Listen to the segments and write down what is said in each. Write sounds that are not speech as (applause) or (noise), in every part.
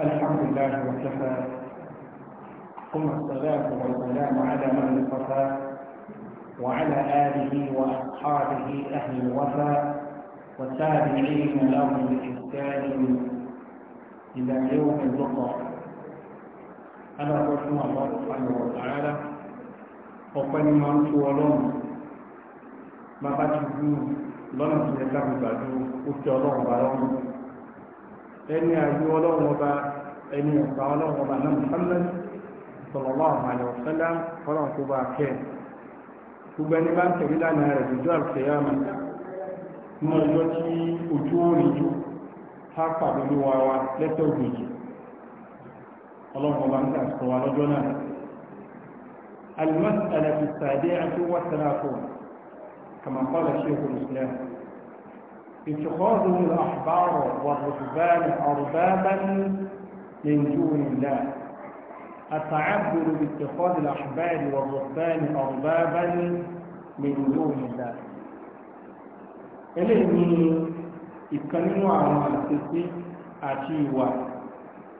الحمد لله وكفى ثم الصلاة والسلام على من اصطفى وعلى آله وأصحابه أهل الوفا والتابعين لهم بإحسان إلى يوم اللقاء أنا رحمة الله سبحانه وتعالى وقال ما máa ń ما ọlọ́run bàbá ti dúró lọ́nà tó yẹ ẹni àyè ọlọ́run ọba ẹni ọ̀pá ọlọ́run ọba náà Muhammad sallallahu alaihi wasallam ọlọ́run tó bá kẹ́ gbogbo ẹni bá ń tẹ̀lé lánàá rẹ̀ lójú àlùkẹ́yàmù ní ọjọ́ tí ojú òrìn jù á pàdé ló wa wa lẹ́tọ̀ gbèjì ọlọ́run ọba ń tà sọ wa lọ́jọ́ náà المسألة السابعة والثلاثون كما قال الشيخ الإسلام اتخاذه الأحبار والرهبان أربابا من دون الله التعبد باتخاذ الأحبار والرهبان أربابا من دون الله eléyìí ìkan nínú àwọn àtẹ̀sí àti ìwà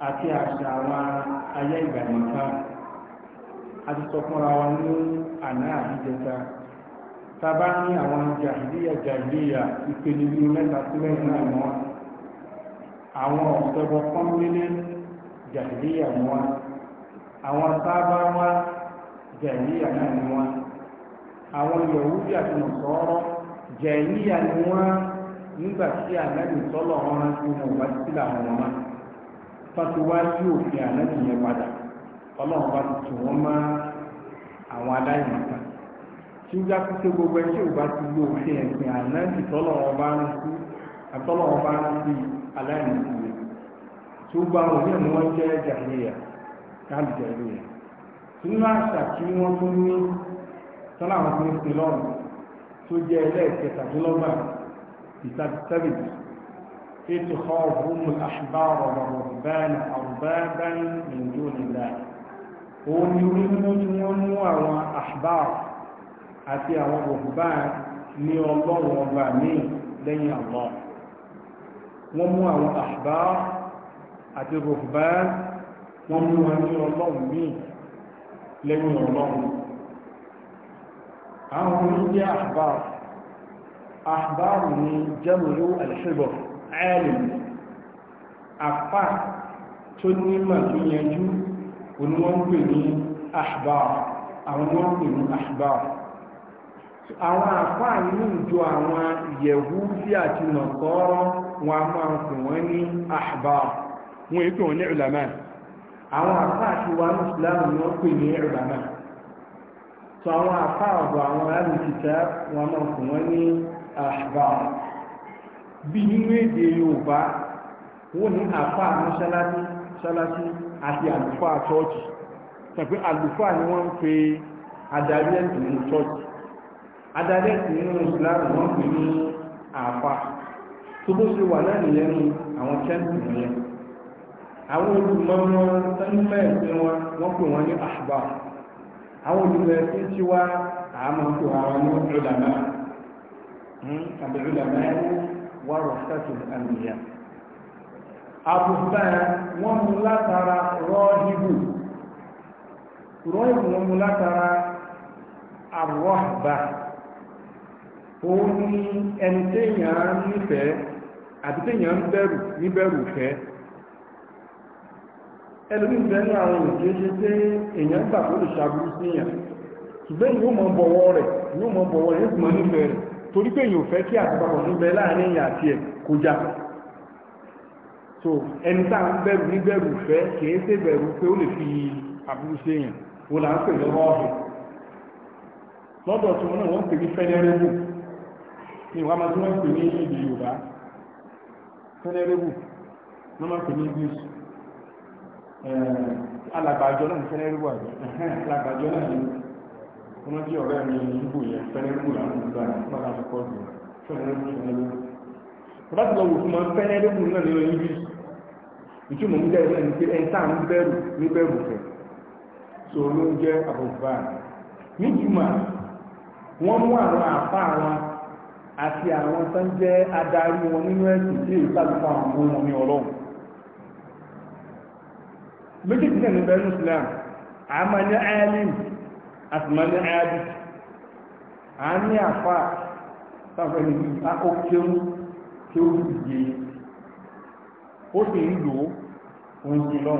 àti àṣà àwọn ayé ìgbà nìkan a ti sọ fúnra wa ní àná àbíjẹta tábà ní àwọn jàìlíyà jàìlíyà mẹ́ta sí mẹ́rin mọ́ àwọn ọ̀sẹ̀bọ kọ́ńpínlẹ̀ jàìlíyà ni àwọn sábà wá jàìlíyà náà ni wọ́n ni wọ́n nígbà tí ànábì sọ́lọ̀ wọn rántí wọn wá sí làwọn wọn fásitì wá òfin ànábì yẹn padà ọlọ́run bá ti tù wọ́n tí ó jákú sí gbogbo ẹ tí ò bá ti lo òfin ẹ̀sìn àná ìtọ́lọ̀ ọba ń sí àtọ́lọ̀ ọba ń sí aláìníkùnrin tí ó gba òní ẹ̀mú wọn jẹ́ jàhìlíyà káàdì jàhìlíyà nínú àṣà tí wọ́n tún ní tọ́lá àwọn tó ń sin lọ́rùn tó jẹ́ ẹlẹ́ẹ̀kẹtàdínlọ́gbà ìtàdítẹ́bì ètò ọ̀hún àṣìbáwọ̀ rọ̀bẹ̀ẹ́nì àrùbẹ́ẹ́bẹ́ẹ́ni nìjọ́ nílẹ̀ ni orí mímú tí àti àwọn òkúbá ní ọlọ́run ọba míì lẹ́yìn àwọn wọ́n mú àwọn àṣìbá àti òkúbá wọ́n mú wọn ní ọlọ́run míì lẹ́yìn ọlọ́run àwọn oníjẹ́ àṣìbá àṣìbá ní jẹ́mùrú àṣìbọ̀ ẹ̀rìn apá tó nímọ̀ tó yẹnjú òní pè ní àṣìbá àwọn wọ́n pè ní àṣìbá àwọn àfáà nínú ìjọ àwọn Yẹhudi àti Nasara wọn a máa pè wọ́n ní àhbà wọn èpè wọn ní ulama àwọn àfáà ti wà ní ìsìláàmù ni wọ́n pè ní ulama tó àwọn àfáà ọ̀dọ̀ àwọn alùpùpù wọn máa pè wọ́n ní àhbà bí nínú èdè Yorùbá wọ́n ní àfáà mọ́ṣáláṣí mọ́ṣáláṣí àti àlùfáà chọ́ọ̀chì adarí ẹ̀sìn nínú ìsìláàmù wọn pè ní àfa tó bó ṣe wà náà nìyẹn àwọn kẹ́ǹtì nìyẹn àwọn olùmọ̀ wọn ẹ̀sìn wọn wọ́n pè wọ́n ní àṣùbà àwọn olùmọ̀ ẹ̀sìn tí wá àmọ́ pé àwọn ní ìlànà àbí ìlànà wà rọ̀ sẹ́tù àmìyàn àbùsàn wọ́n mú látara rọ́ọ̀hìbù rọ́ọ̀hìbù mú látara òun ni ẹni téèyàn nífẹ̀ẹ́ àti téèyàn ń bẹ̀rù níbẹ̀rù ìfẹ́ ẹlòmíì bẹ́ẹ̀ ní àwọn èèyàn tí ó ṣe pé èèyàn gbà tó lè ṣàbùrú síyàn ṣùgbọ́n yóò mọ bọ̀wọ̀ rẹ̀ yóò mọ bọ̀wọ̀ rẹ̀ yóò mọ nífẹ̀ẹ́ rẹ̀ torí pé èèyàn fẹ́ kí àtìpapọ̀ tó bẹ láàrin èèyàn àti ẹ̀ kó so ẹni tá à ń bẹ̀rù ní bẹ̀rù ìfẹ́ kìí ṣe bẹ̀rù pé ó lè fi àbúrú sí èèyàn wò là ń pè lọ́wọ́ ọ̀hìn lọ́dọ̀ tí wọn náà wọ́n pè ní fẹ́nẹ́rẹ́bù ní ìwà máa tí wọ́n pè ní ìdí Yorùbá fẹ́nẹ́rẹ́bù wọ́n máa pè ní English alàgbàjọ náà ní fẹ́nẹ́rẹ́bù (laughs) àjọ alàgbàjọ náà ní wọ́n jí ọ̀rẹ́ mi ìbò yẹn fẹ́nẹ́rẹ́bù làwọn ìgbà nígbà tó kọ́ sí fẹ́nẹ́rẹ́bù fẹ́nẹ́rẹ́bù bàbá ti lọ wò fún wọn fẹ́nẹ́rẹ́bù náà nínú English ìtumọ̀ ń jẹ́ ẹni pé ẹni tá à ń bẹ̀rù ní bẹ̀rù fẹ̀ so ló ń jẹ́ àbùbá níjùmọ̀ wọ́n mú àwọn àpá àwọn àti àwọn tó ń jẹ́ adarí wọn nínú ẹ̀sìn tí èyí sàlùfà àwọn ọmọ ọlọ́run méjèèjì náà Islam a máa ní alim a sì máa ní ayájú a ní àfà sáfẹ́ ní ó kéwú tí ó ó sì ń lò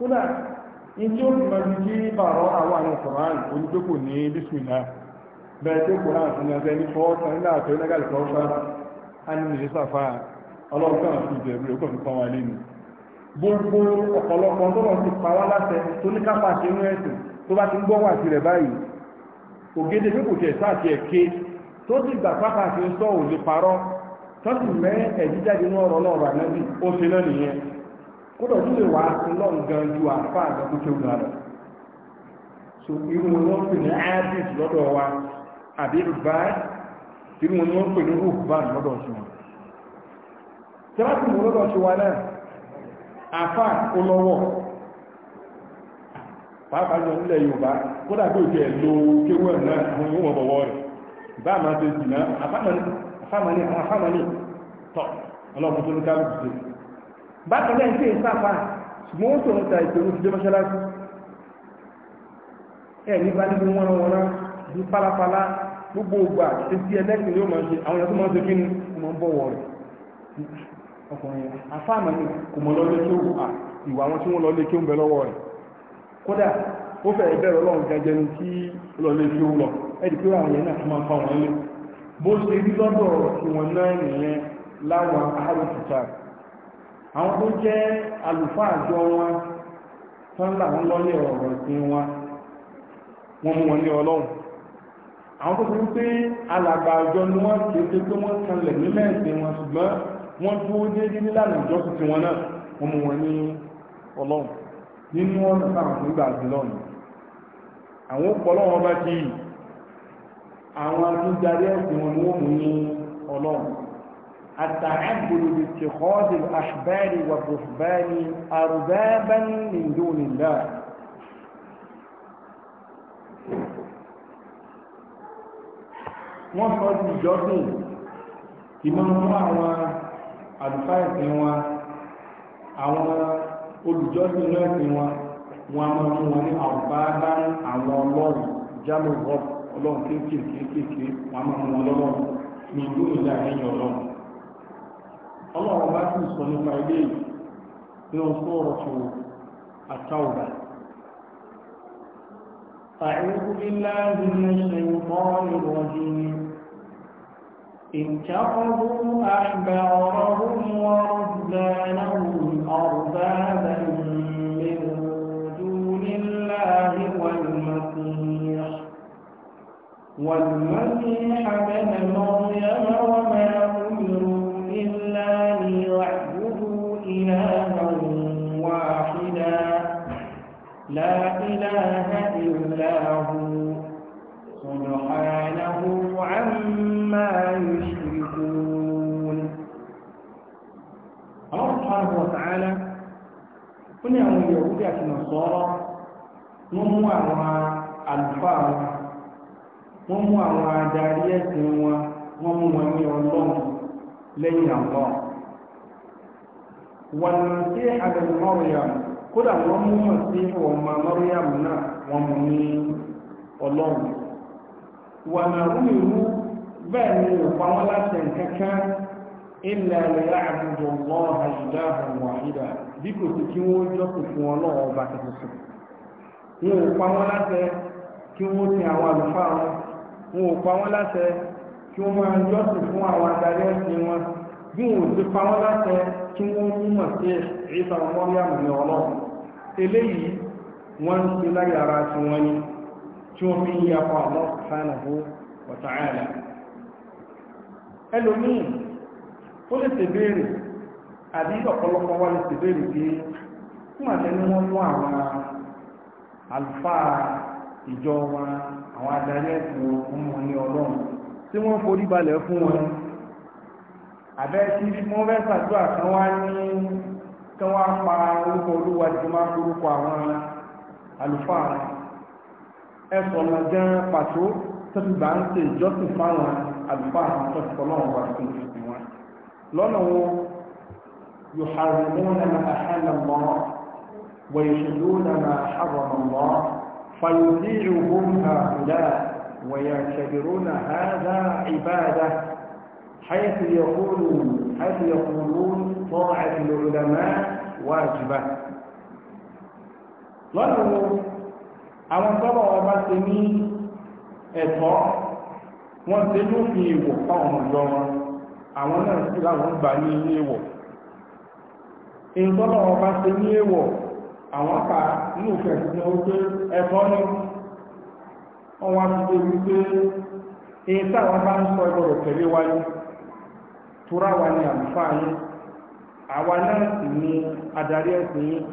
ó ìjọ ìgbàgbé kí bàrọ̀ àwọn àwọn ìkọ̀rán oníjókò ní bísmìlá bẹ̀rẹ̀ tó kò láti ní ọ̀sẹ̀ ní fọ́ọ̀sán nílà àti onígàlì kọ́ọ̀sán ánìyàn ìsàfà ọlọ́ọ̀kan àti ìbẹ̀rù rẹ̀ kọ̀ọ̀kan kan wà lẹ́nu gbogbo ọ̀pọ̀lọpọ̀ tó lọ ti pa wá láṣẹ tó ní kápá ṣe inú ẹ̀sìn tó bá ti ń gbọ́wọ́ àti rẹ̀ báyìí ògede pé kò tẹ̀ sáàtì ẹ̀ke tó sì gbà pápá ṣe ń sọ òlè parọ́ tó sì mẹ́ ẹ̀jíjáde ní ọ̀rọ̀ náà rà náà bí ó kódà tó lè wà á sí ụlọ àgbàkúté òun lọ so irun wọn pè ní ụlọ lọ́dọ̀ wa àbí ụlọ irun wọn pè ní rúbá lọ́dọ̀ sí wọn tẹ́lápù mú lọ́dọ̀ sí wa náà olówó pàápàá jọ nílẹ̀ yorùbá kódà kéwọ́ náà fún bọ̀wọ́ rẹ̀ ọlọ́pùtò ní kálùkù bákan náà ṣe ń sáfà ṣùgbọ́n ó sọ̀rọ̀ ta ìṣòro ti dé ẹ̀ ní bá nínú wọn wọn rán ju gbogbo ògbà ṣe tí ẹlẹ́sìn yóò máa ṣe àwọn ẹ̀kọ́ máa ń ṣe kí ni wọ́n máa ń bọ̀wọ̀ rẹ̀ ọkùnrin afáàmà ni kò mọ̀ lọ́lé tí ó wù à ìwà wọn tí wọ́n lọ́lé kí ó ń bẹ lọ́wọ́ rẹ̀ kódà ó fẹ́ bẹ̀rẹ̀ ọlọ́run gẹ́gẹ́ ní tí lọ́lé tí ó lọ ẹ̀dì pé àwọn yẹn náà tó máa ń fa wọn lé bó ṣe rí lọ́dọ̀ tí wọ́n náà àwọn tó jẹ́ àlùfáà àjọ wọn tó ń là wọn ọ̀rọ̀ ìpín wọn wọn mú wọn ní ọlọ́run àwọn tó fi pé alàgbà àjọ ni wọ́n kéde pé wọ́n kanlẹ̀ ní ẹ̀sìn wọn ṣùgbọ́n wọ́n wọn náà mú wọn ní ọlọ́run nínú ọ̀nà táwọn tó gbà sí lọ́nà àwọn التعبد باتخاذ الأحبار والرهبان أربابا من دون الله wọ́n sọ ti ìjọsìn ìmọ̀mọ́ àwọn àlùfáìsì wọn àwọn olùjọsìn lẹ́sì wọn wọn a máa mú wọn ní àwùbáadá àwọn ọlọ́run jámù ọlọ́run kéékèèké wọn a máa mú wọn lọ́lọ́run ní ìlú ìlà ẹ̀yìn ọlọ́run ọlọ́run bá sì sọ nípa ilé yìí bí wọ́n tó rọ̀ fún àtàwùdà أعوذ بالله من الشيطان الرجيم اتخذوا أحبارهم ورهبانهم أربابا من دون الله والمسيح والمسيح بن مريم وما أمروا إلا ليعبدوا إلها واحدا لا إله إلا هو سبحانه عما يشركون الله سبحانه وتعالى ó ní àwọn yẹ̀wúdí àti nàṣọ́rọ́ wọ́n mú àwọn àlùfáà wọn wọ́n mú àwọn adarí ẹ̀sìn wọn wọ́n mú wọn ní ọlọ́run lẹ́yìn àpọ̀ wọ́n tí àdàmù Maryam kódà wọ́n mú mọ̀ sí ọmọ mú náà wọ́n mú ní ọlọ́run wọ́n na rúmìrú bẹ́ẹ̀ ni òpá wọn láti ẹ̀kẹ́kẹ́ ilẹ̀ ilẹ̀ àbújọ wọ́n kí wọ́n máa jọ́sìn fún àwọn adarí ẹ̀sìn wọn bí wọn ti pa wọ́n láṣẹ kí wọ́n mú mọ̀ sí ìfà mọ́ríàmù ní ọlọ́run eléyìí wọ́n ń láyé ara wọ́n tí wọ́n tí wọ́n forí balẹ̀ fún wọn àbẹ́ tí wọ́n fẹ́ sàdúrà kan wá ní kan wá pa orúkọ olúwa tí wọ́n máa forúkọ àwọn àlùfáà rẹ̀ ẹ̀sọ̀ ọ̀nà gan pàtó tó ti gbà ń ṣe ìjọsìn fáwọn àlùfáà àwọn tó ti kọ́ lọ́wọ́ wá sí ìfìsì wọn lọ́nà wo يحرمون ما أحل الله ويحلون ما حرم الله فيطيعهم هؤلاء ويعتبرون هذا عبادة حيث يقولون حيث يقولون طاعة العلماء واجبة lọ́nà àwọn tọ́bọ̀ ọba ti ní wọ́n ti ló fi ìwọ̀ fáwọn ọ̀dọ́ àwọn náà sí láwọn gbà ní ilé ìwọ̀ ìtọ́bọ̀ ọba ti ní ìwọ̀ àwọn pa ní òfẹ́ ìsinmi ó pé ní wọ́n wá ti dé wípé èyí táwọn bá ń sọ ẹgbọ́rọ̀ tẹ̀lé wáyé tura wa ni àlùfáà yín àwa náà sì ni adarí ẹ̀sìn yín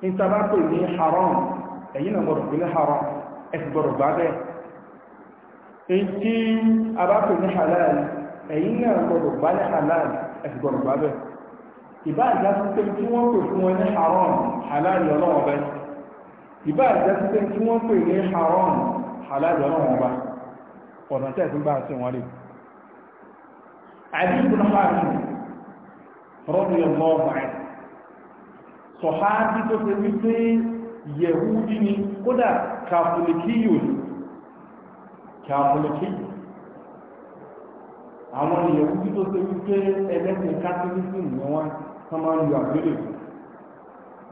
nítorí pé ní haram ẹ̀yin náà gbọ́dọ̀ pé ní haram ẹ̀sìn gbọ́dọ̀ gbá bẹ́ẹ̀ èyí tí a bá pè ní halal ẹ̀yin náà gbọ́dọ̀ gbá ní halal ẹ̀sìn gbọ́dọ̀ gbá bẹ́ẹ̀ ìbá ìdásí pé tí wọ́n pè fún ẹ ní haram halal lọ́wọ́ bẹ́ẹ̀ ìbá àjẹ́ sí pé tí wọ́n pè ní haram aláàjọ náà wọ́n bá ọ̀nà tẹ́ sí bá sí wọ́n lè àdínkù náà wà ní rọ́bì ọmọ ọgbà ẹ̀ sọ̀háábí tó ṣe wípé yẹ̀húdí ni kódà kàfùlìkíyò tó máa ń lo àgbélébù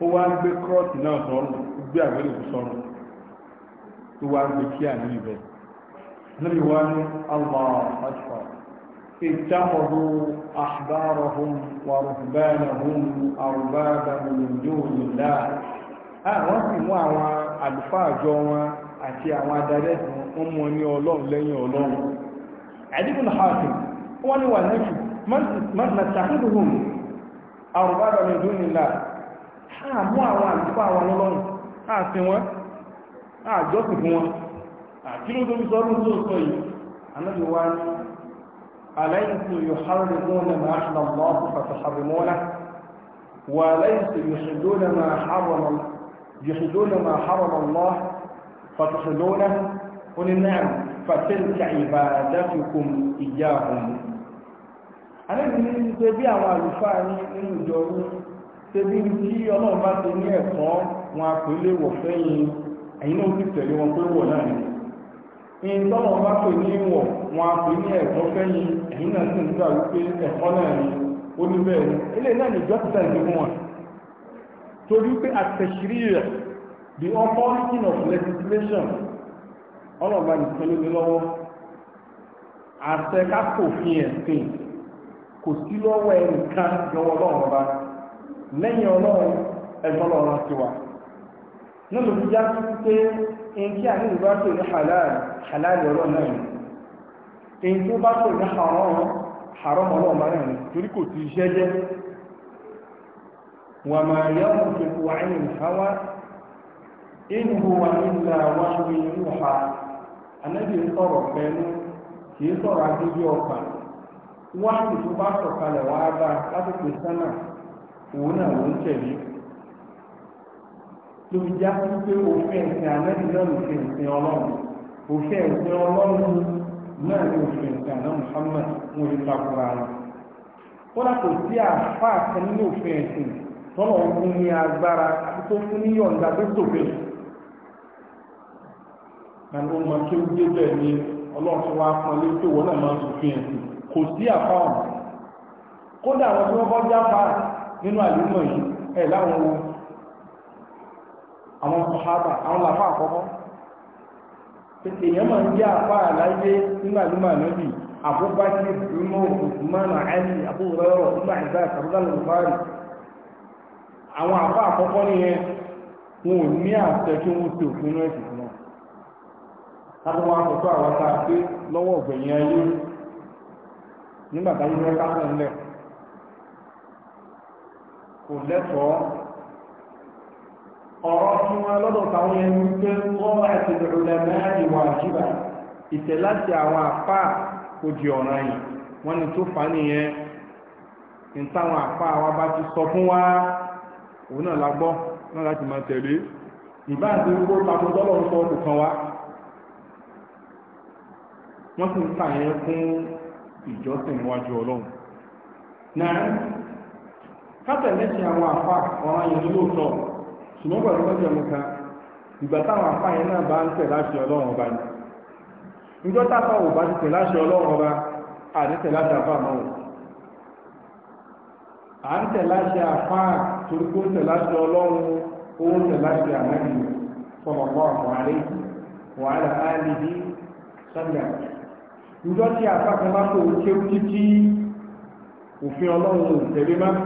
ó wá ń gbé kírọ́ọ̀tì náà sọ́rùn gbé àgbélébù sọ́rùn tó wá ń gbé kí àní ibẹ̀ níbi wá ní allah akpa اتخذوا أحبارهم ورهبانهم أربابا من دون a àwọn sì mú àwọn àlùfáà wọn àti àwọn adarí ẹ̀sìn wọn mú ní ọlọ́run lẹ́yìn ọlọ́run àdínkùn hàtì wọ́n ni wà náà mọ́sí àmú àwọn àlùfà àwọn lọ́lọ́run àti wọn àjọ́sì fún wọn àkílò tó fi sọ́rún tó sọ yìí anábi wá ní aláìsù yuharrimuna ma ahlallahu fataharrimuna wa ní pé bí àwọn àlùfà tẹbi tí ọlọ́run bá ti ní ẹ̀kọ́ wọn àpèlé wọ̀ fẹ́yìn ẹ̀yìn náà ti tẹ̀lé wọn pé wọ̀ náà ni ìyìn tọ́lọ̀ bá pè ní ìwọ̀ wọn àpè ní ẹ̀kọ́ fẹ́yìn ẹ̀yìn náà sì ń gbà wípé ẹ̀kọ́ náà ni ó ní bẹ́ẹ̀ ni ilé náà ni dókítà ìdí fún wọn torí pé àtẹ̀sírí rẹ̀ the authority of legislation ọlọ́ọ̀bá nìkan ló ní lọ́wọ́ àṣẹ ẹ̀sìn kò sí lọ́wọ́ ẹnìkan lọ́wọ́ ọlọ́ọ̀bá lẹ́yìn ọlọ́run ẹ̀tọ́lọ́ ọ̀rọ̀ ti wà náà ló fi já sí pé in tí àní ìlú bá pè ní halal halal ọ̀rọ̀ náà ni in tó bá pè ní haram haram ọlọ́run bá náà ni torí kò ti iṣẹ́ jẹ́ wà máa yẹ ọmọ tó kù wáyé ní hawa òun náà ló ń tẹ̀lé ló já sí pé òfin ẹ̀sìn àmẹ́rin náà òfin ẹ̀sìn ọlọ́run òfin ẹ̀sìn ọlọ́run náà ní òfin ẹ̀sìn àná Muhammad ń wọlé takura rẹ̀ kódà kò sí àfáà kan nínú òfin ẹ̀sìn tọ́lọ̀ ń fún ní agbára tó fún ní yọ̀ǹda tó tòfin àwọn ọmọ tí ó gbé bẹ́ẹ̀ ni ọlọ́run wá pọn lé tó wọ́n náà máa ń sòfin ẹ̀sìn kò sí àfáà kódà àwọn tí wọ́n bọ́ jápa nínú àlúmọ̀ yìí ẹ̀ láwọn ohun àwọn ọ̀hábà àwọn làfà àkọ́kọ́ èèyàn ma ń jẹ́ àpá àláyé nínú àlúmọ̀ ànábì àbúgbájì ìgbìmọ̀ òkùnmọ́nà àìní àbúrọ̀rọ̀ nínú àìsá àtàbúgbàlù fáàrí àwọn a pé lọ́wọ́ kò lẹ́tọ̀ọ́ ọ̀rọ̀ tí wọ́n lọ́dọ̀ táwọn yẹn ń pé kọ́ ọrụ ìrọ̀lẹ́mẹ́ ìwà àjíbà ìtẹ̀ láti àwọn àpá kò di yìí wọ́n ní tó fà nìyẹn táwọn àpá wa bá ti sọ fún wa òun náà la gbọ́ náà láti máa tẹ̀lé ìbá àti tako tọ́lọ̀ ń sọ kan wa wọ́n sì ń yẹn fún ìjọsìn kátẹ̀lẹ́sì àwọn àfà ọ̀ràn yẹn ní lóòótọ́ ṣùgbọ́n pẹ̀lú mẹ́jọ mi kan ìgbà táwọn àfà yẹn náà bá ń tẹ̀ láṣẹ ọlọ́run ọba ni ìjọ táfà ò bá ti tẹ̀ láṣẹ ọlọ́run ọba àti tẹ̀ láṣẹ àfà náà à ń tẹ̀ láṣẹ àfà torí kó ń tẹ̀ láṣẹ ọlọ́run ó ń tẹ̀ láṣẹ ànábì fọlọ́pọ̀ àwọn wàhálà áàlìdí sọ́jà ìjọ tí àfà kan bá kó òfin ọlọ́run ò tẹ̀lé máa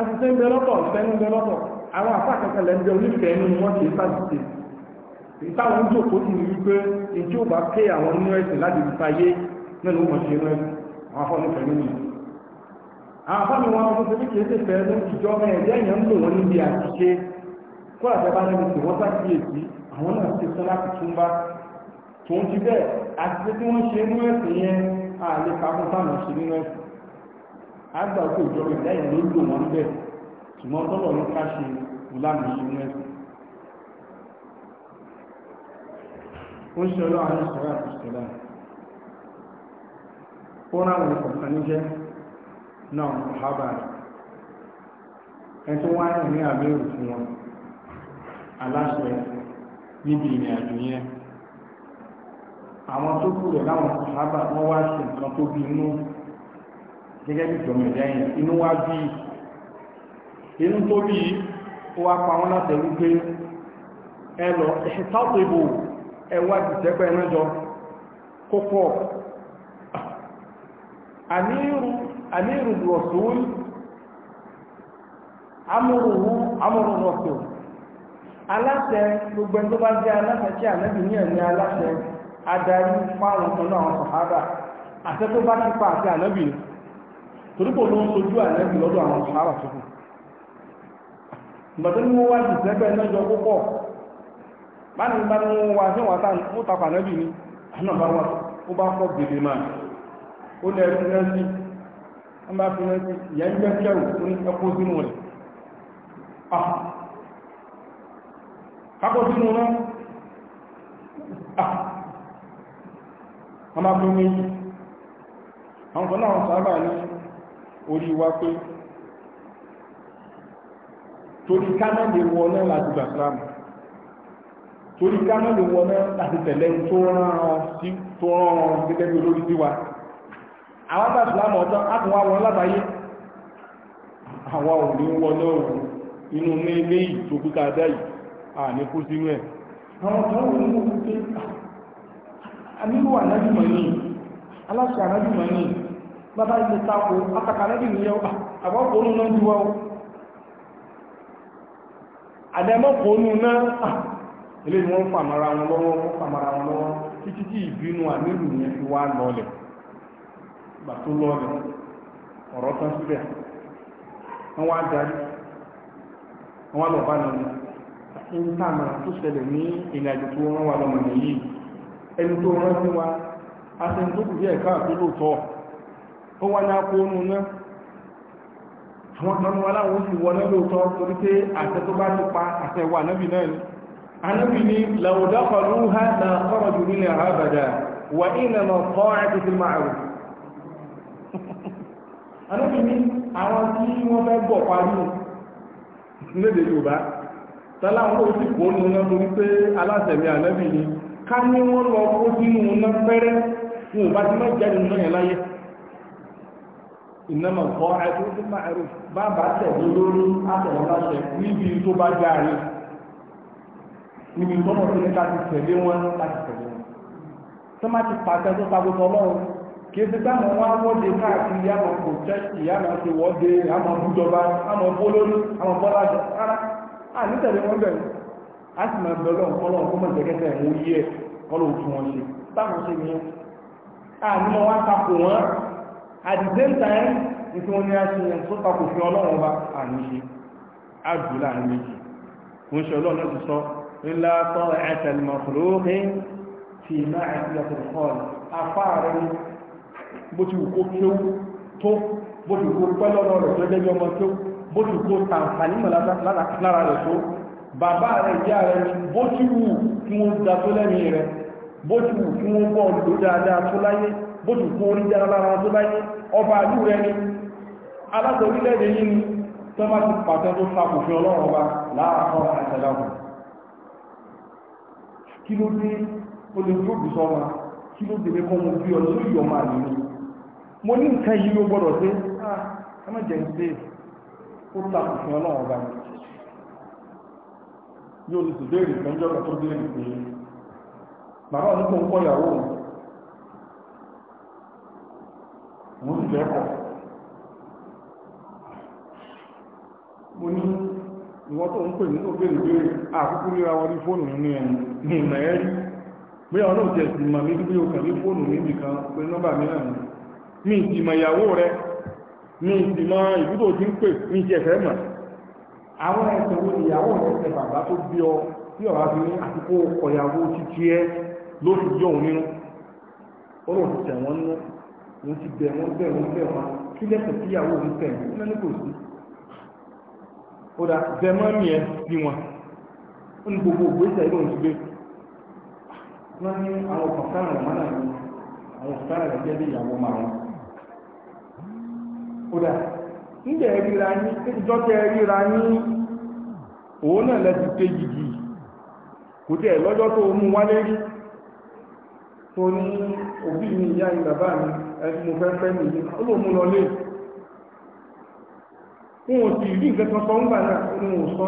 àṣìṣe ń bẹ lọ́tọ̀ ìfẹ́ ń bẹ lọ́tọ̀ àwọn àfáàkẹ́kẹ́lẹ̀ ń bẹ onífẹ̀ẹ́ nínú wọn kì í sáàṣìṣe ìtàwọn ń jòkó sí ní wípé ìjí ò bá pé àwọn nínú ẹ̀sìn láti ìtayé nínú wọn ṣe rẹ̀ àwọn afọ́nifẹ̀ nínú àwọn afọ́nifẹ̀ wọn ọdún tó kéèkéé ṣe fẹ́ ní ìjọ ẹ̀yẹ́ èèyàn ń lò wọn níbi àṣìṣe kó àtẹ́bá nínú tí wọ́n sàkíyèsí àwọn náà ti sọ láti tún bá tòun ti bẹ́ẹ̀ àti pé tí àgbà kò jọ ìdá ìlú ló wọn bẹ̀ ṣùgbọ́n tọ́lọ̀ ní ká ṣe ìlànà ìṣúná ẹ̀sìn ó ń ṣe ọlọ́run àwọn ìṣẹ̀lẹ̀ àti ìṣẹ̀lẹ̀ ó ráwọn ìkọ̀kan níjẹ́ náà ọ̀hábà rẹ̀ ẹ̀tọ́ wá ní àbẹ́rù fún wọn gẹ́gẹ́ bí ìjọmọ̀ ẹ̀dá yẹn inú wá bí inú tó bí ó wá pa wọ́n láti ẹ̀rú pé ẹ lọ ẹwà ìtẹ́pẹ́ ẹ̀rẹ́jọ kópọ̀ àmírù aláṣẹ gbogbo ẹni tó bá jẹ́ aláṣẹ tí ní ẹ̀mí aláṣẹ adarí náà àṣẹ tó bá ti pa àti torípò ló ń sojú àlẹ́bì lọ́dọ̀ àwọn sàárà tuntun ìgbàtí wọ́n wá jù sẹ́gbẹ́ lọ́jọ́ púpọ̀ bá ní bá ní wọ́n wá sí wọ́n tán ó tapà ni àná ó bá fọ́ gbèdè máa ó lẹ́ fúnẹ́sì wọ́n àwọn orí wa pé torí káná lè wọ náà láti gbà sílámù torí káná lè wọ náà láti tẹ̀lé tó rán ọ sí tó rán ọ gẹ́gẹ́ bí olórí sí wa àwọn àgbà sílámù ọ̀tọ́ á wọn lábàáyé ò ní wọ náà inú ní ilé yìí tó kú kú bàbá ilẹ̀ tako afẹ́kànẹ́bì ní yẹn àgbọ́kòónú náà ju wọ́n àdẹ́mọ́kòónú náà ilé ni wọ́n wọn lọwọ wọ́n fàmàrà wọn lọ́wọ́ títí tí ìbínú àmìlù yẹn fi wá lọ́lẹ̀ gbà tó tán wá darí wá lọ bá nínú tó ṣẹlẹ̀ ní tó rán wa ẹni tó rán sí wa a kù bí ó wá náà kó nu náà àwọn wọn sì wọ náà lóòótọ́ torí pé àṣẹ tó bá ti pa àṣẹ wà náà ni anábì ni làwùdá ha na kọrọ jù nílẹ̀ àbàdà wà ìnà kọ́ àti ti máa rù anábì ni àwọn tí wọ́n fẹ́ bọ̀ parí lédè Yorùbá wọn ó sì kó nu náà torí pé aláṣẹ̀mí anábì ni ká ní lọ kó sínú náà pẹ́rẹ́ wọn ò bá ti ìnáma kọ́ ẹgbẹ́ tó máa rò bá bá tẹ̀lé lórí àtẹ̀lọ́láṣẹ níbi tó bá járe níbi tọ́mọ̀ tó ní láti tẹ̀lé wọn láti tẹ̀lé wọn tó má ti pàṣẹ tó ta gbogbo ọlọ́run kìí ti dáhùn wọn wọ́de káàkiri àmọ́ protesti àmọ́ ti wọ́de àmọ́ bújọba àmọ́ bólórí àmọ́ bọ́lájọ rárá àní tẹ̀lé wọn bẹ̀rẹ̀ a sì máa bẹ̀rẹ̀ ọ̀pọ̀lọ́run kó mọ̀ jẹ́kẹ́tẹ̀ ẹ̀mú yí ẹ̀ kọ́lọ̀ òtún at the same time ìfẹ́ wọn ni a ṣe yẹn tó takò fi ọlọ́run bá àní ṣe àjù láàrin méjì kò ń ṣe ọlọ́run náà ti sọ ńlá tọ́ ẹ̀tẹ̀lì mọ̀kúlóhé fi máa ẹ̀tì ẹ̀tẹ̀ kọ́ọ̀lù afá rẹ̀ bó ti wù kó kéwú tó bó ti wù kó pẹ́ lọ́rọ̀ rẹ̀ tó dẹ́gbẹ́ ọmọ kéwú bó ti wù kó tàǹfààní mọ̀ lára rẹ̀ tó bàbá rẹ̀ ìyá rẹ̀ bó ti wù kí wọ́n da tó lẹ́mìí rẹ̀ bó ti wù kí wọ́n bọ̀ lò tó láyé bójú kú orí dára lára ọba àlú rẹ ni aláṣẹ orílẹ̀-èdè yìí ni tó bá ti pàṣẹ tó sàkò ọlọ́run ọba láàárọ̀ àtẹ̀láwọ̀ kí ló dé o lè tó bù sọ́mà kí ló kọ́ mo bí ọ lórí ọmọ àlè mo ní nǹkan yìí gbọ́dọ̀ sí jẹ́ ó ọlọ́run ọba yóò lè sì mò ń kọ mo ní ìwọ́n tó ń pè ní òbèrè pé àkókò ríra wọn ní fóònù ní ẹni ní ìmọ̀ ẹ́ rí bóyá ọ̀nà òjẹ̀ tí mọ̀ méjì bí ní fóònù níbi kan pé nọ́bà mìíràn ní mi ìyàwó rẹ mi ìbúdó tí ń pè mi mọ̀ àwọn ẹ̀sẹ̀ wo ìyàwó rẹ bàbá tó bí ọ tí ọ̀rá fi ní àkókò ọ̀yàwó títí ẹ nínú ó ti tẹ̀wọ́n òun ti bẹ̀ wọ́n bẹ̀ wọ́n bẹ̀ wọ́n kí lẹ́sẹ̀ tí ìyàwó òun tẹ̀ ní ní kò sí ó dà bẹ̀ mọ́ mi ẹ bí wọn ó ní gbogbo ti wọ́n ní àwọn rẹ̀ ní àwọn rẹ̀ jẹ́ bí ìyàwó máa wọn ó ríra ìjọ tẹ ríra òun náà lẹ́sìn kò tẹ̀ lọ́jọ́ tó mú wálé rí ẹni mo fẹ́ fẹ́ nìyí ó lò lọ lé wọn ò sì rí nǹkan kan sọ ńgbà náà ó ní sọ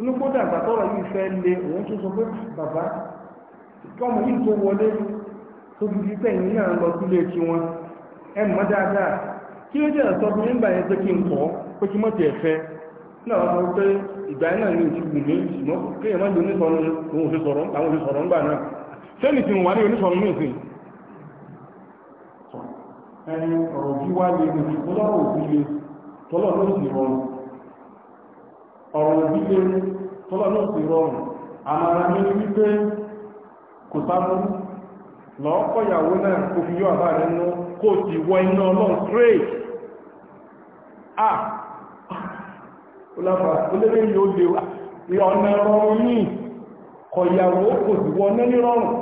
inú kódà àgbà tọrọ yìí fẹ́ lé òun tó sọ pé bàbá tọmọ yìí tó wọlé tó fi fi sẹ́yìn náà lọ sílé tí wọn ẹ mọ dáadáa kí ló jẹ́ ẹ̀sọ́ fún nígbà yẹn pé kí n kọ́ pé kí mọ̀tì ẹ̀fẹ́ náà wọ́n pé ìgbà yẹn náà ní òtún gùn mí ṣùgbọ́n kéèyàn má di onísọ̀rọ̀ òun ò sọ̀rọ̀ àwọn òfin sọ̀rọ̀ ńgbà náà sẹ́ni ti wà ní onísọ̀rọ̀ ní òfin ẹni ọ̀rọ̀ bí wá lè lè tọ́lọ́rọ̀ òbí lè tọ́lọ̀ ló sì rọrùn ọ̀rọ̀ òbí lè tọ́lọ̀ ló sì rọrùn àmàrà mi ni wípé kò sáfún lọ́ọ́kọ́ ìyàwó náà kò fi yọ àbá rẹ̀ nú kò sì wọ iná ọlọ́run straight ah olàfà olóbẹ́ yìí ó lè ọ̀nà rọrùn ní kọ̀yàwó kò sì wọ náà ní rọrùn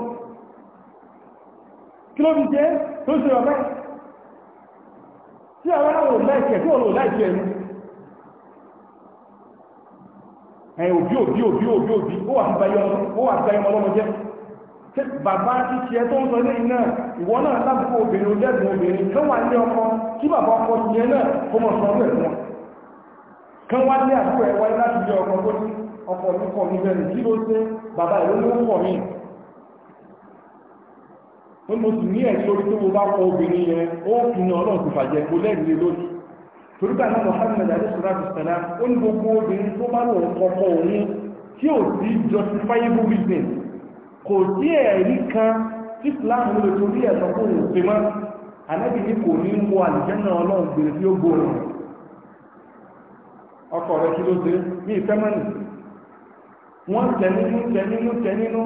kí ló fi jẹ́ tó ṣe ọ̀gá tí àwọn àwọn òláìkẹ̀ tí òun òláìkẹ̀ ẹ̀mú ẹ̀ òbí òbí òbí òbí òbí ó wà ọlọ́mọ jẹ́ bàbá ti ṣe tó ń sọ ní iná ìwọ náà lábùkù obìnrin lẹ́gbùn obìnrin kan wá ní ọkọ kí bàbá ọkọ ti náà kó mọ̀ sọ ní ẹ̀wọ́ láti ọkọ kọ̀ ló ṣe bàbá ìlú pé mo sì ní ẹ̀rí tó mo bá kọ obìnrin yẹn ó fi na ọlọ́run ti bàjẹ́ mo onye lórí torí bá náà Muhammad alayisura ti sẹ́lá ó ní gbogbo obìnrin tó bá òun tí justifiable reason kò sí ẹ̀rí kan tí Islam ló torí ẹ̀sọ́ mọ́ ní kò ní ọkọ kí ló dé ní wọ́n tẹ̀ nínú tẹ̀ nínú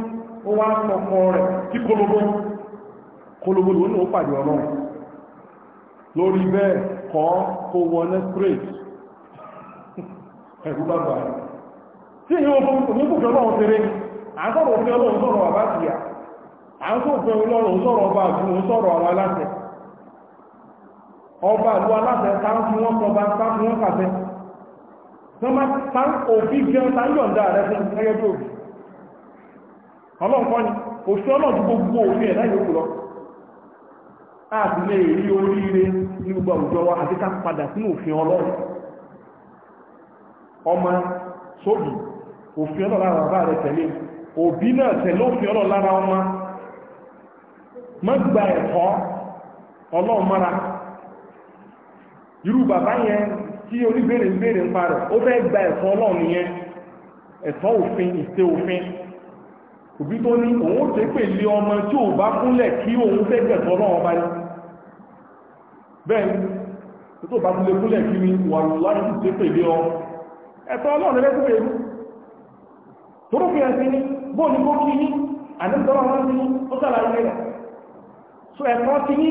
kólóbóló ní ó pàdé ọlọ́run lórí bẹ́ẹ̀ kọ́ kó wọlé straight ẹ̀rú bàbá tí èyí òmúkùnfẹ́ ọlọ́run tẹ́rẹ àtọ́rọ̀ òfin ọlọ́run sọ̀rọ̀ bàbá ti yà àtọ́rọ̀ ọlọ́run sọ̀rọ̀ ọba àgbùn sọ̀rọ̀ àwọn aláṣẹ ọba àlú aláṣẹ tán fún wọn kọba tán fún wọn kàfẹ́ tán òfin jẹun tán yọ̀ǹda rẹ fún ẹgẹ́ tó ọlọ́run kọ́ni òfin ọlọ́run gbogbo òfin ẹ̀dá yòókù lọ láti na rí oríire ní gbogbo àwùjọ wa àti ká padà sínú òfin ọlọ́run ọmọ sóbì òfin ọlọ́run lára rẹ̀ tẹ̀lé òbí náà tẹ̀lé òfin ọlọ́run lára ọmọ mọ́gbà ẹ̀kọ́ ọlọ́run mọ́ra irú yẹn tí oníbèrè bèrè ń gba ẹ̀kọ́ ọlọ́run yẹn ẹ̀tọ́ òfin ìṣe òfin òbí tó ní òun ó tẹ́ ọmọ tí ò bá kúnlẹ̀ kí òun fẹ́ gbẹ̀tọ́ ọlọ́run ọba bẹ́ẹ̀ tó bá tilé kúlẹ̀ kí ni wà láì tí pèlé ọ ẹ̀tọ́ ọlọ́run lẹ́gbẹ̀ẹ́ ìlú tó rúfin ẹ̀sìn ní bóò ní kó kí ní àdínkọ́rọ̀ wọn sí ó sàlàyé rẹ̀ so ẹ̀kọ́ kí ní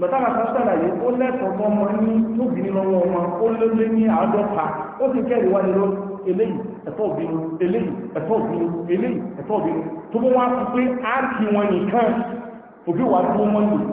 lọ́tàlá kan sàlàyé ó lẹ́kọ̀ọ́ mọ́ mọ́ ní lóbìnrin lọ́wọ́ wọn ó lé lé ní àádọ́ta ó sì kẹ́rì wá lọ eléyìí ẹ̀tọ́ òbínú eléyìí ẹ̀tọ́ òbínú eléyìí ẹ̀tọ́ òbínú tó bó wá fi pé á kí wọn nìkan òbí wà tó wọn nìkan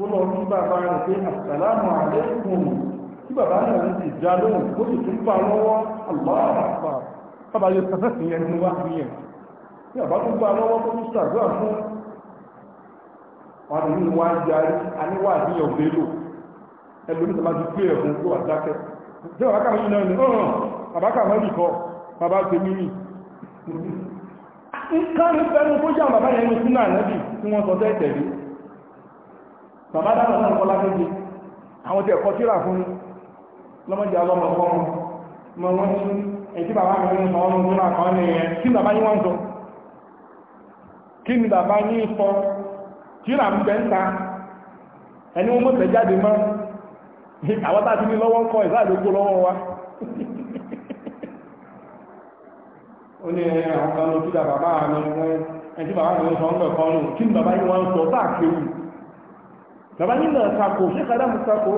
kó lọ rí bàbá rẹ̀ pé àsàlámù àlékún tí bàbá náà ń ti já lóhùn ó sì tún bá lọ́wọ́ àlọ́ọ̀pá bàbá yóò tẹ́sẹ̀ sí ẹni wá sí ẹ̀ tí bàbá tó bá lọ́wọ́ tó ń ṣàdúrà fún wọn ní wá ń jarí aníwá àdíyàn òbélò ẹlòmí tó bá ti gbé ẹ̀kún tó àdákẹ́ ní ọ̀rọ̀ ní sínú ànábì bàbá dáná náà kọ́ lágbègbè àwọn tí ẹ̀kọ́ tíra fún lọ́mọdé ọlọ́mọ fọ́n mọ wọn ní ẹ̀tí bàbá mi ni bàbá yín wọ́n sọ kí ni bàbá yín sọ tíra ń bẹ́ ń ta ẹni wọn mọ̀tẹ̀ jáde mọ́ àwọn tá a ti ní lọ́wọ́ ń kọ́ ìsáàdógó lọ́wọ́ wa ó ní kan ló kí bàbá mi wọ́n ẹ̀tí bàbá mi sọ ń bẹ̀ kí ni bàbá yín wọ́n sọ sáà kéwì bàbá yìí náà takò ṣé kàdá mú takò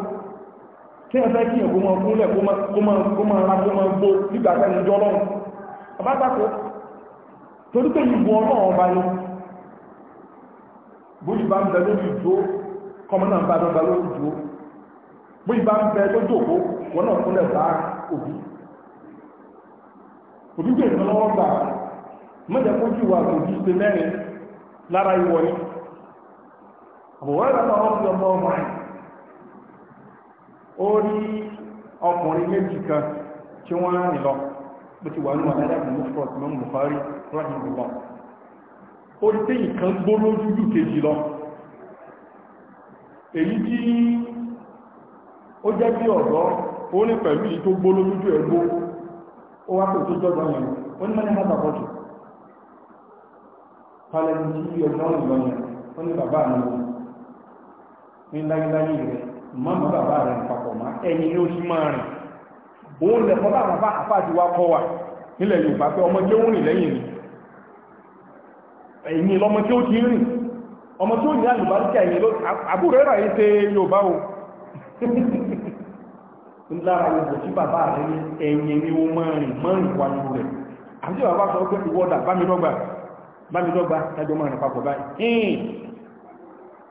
kí ẹ fẹ́ kí ẹ kó máa kúnlẹ̀ kó máa ra kó máa gbó nígbà tẹ́ni jọ lọ́rùn bàbá takò torí pé ìbò ọlọ́run ọba ni bó ìbá ń bẹ lórí ìdúró kọmọ náà bá dọ́gba lórí ìdúró bó ìbá ń bẹ lójú òkú wọn náà kúnlẹ̀ bá òbí òbí gbèrè lọ́wọ́ gbà mọ́jẹ́ kójú wa òbí ṣe mẹ́rin lára ìwọ yìí àbúwárà náà wọ́n fi ọmọ ọmọ rẹ̀ ó rí ọkùnrin méjì kan tí wọ́n lọ bó ti wà nínú aláìláàbù mufrot mọ́mù buhari rahimullah ó rí téyìn kan gbóró dúdú kejì lọ èyí tí ó jẹ́ bí ọ̀dọ́ ó ní pẹ̀lú ìyí tó gbóró dúdú ẹgbó ó wá pè tó jọ́gbọ́n yẹn ó ní hábà bọ́jù palẹ̀ ní ó ní bàbá ní láyéláyé rẹ̀ má bàbá rẹ̀ papọ̀ ma ẹ̀yìn ni si máa rìn òun lẹ̀kọ́ bá bàbá àfáàdì wa kọ́ wa nílẹ̀ Yorùbá pé ọmọ jẹ́ òun ni ẹ̀yìn lọmọ tí ó ti rìn ọmọ tí ó ní ló Yorùbá o (laughs) lára ìbò tí bàbá rẹ̀ ní ẹ̀yìn ni ó máa rìn rẹ̀ bàbá sọ pé ìwọ́dà ẹjọ́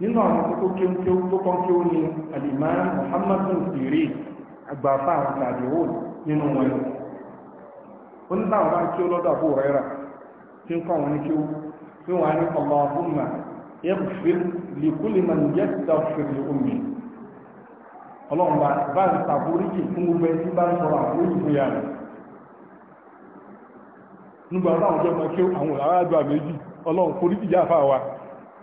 nínú àwọn tó kó tó kọ́ kéw ni alimam muhammad bin siri agbafa àtàdéwò nínú wọn ó ní táwọn bá ń kéw lọ́dọ̀ àbúrò rẹ̀ rà tí ń kọ́ wọn ní kéw tí wọ́n á ní ọlọ́ọ̀bùnmá yẹ́kùfìr lìkúlì mà ní yẹ́kùtà fìr lè omi bá fún gbogbo ẹni bá ń fún nígbà táwọn jẹ́ mọ́ àwọn méjì ọlọ́run wa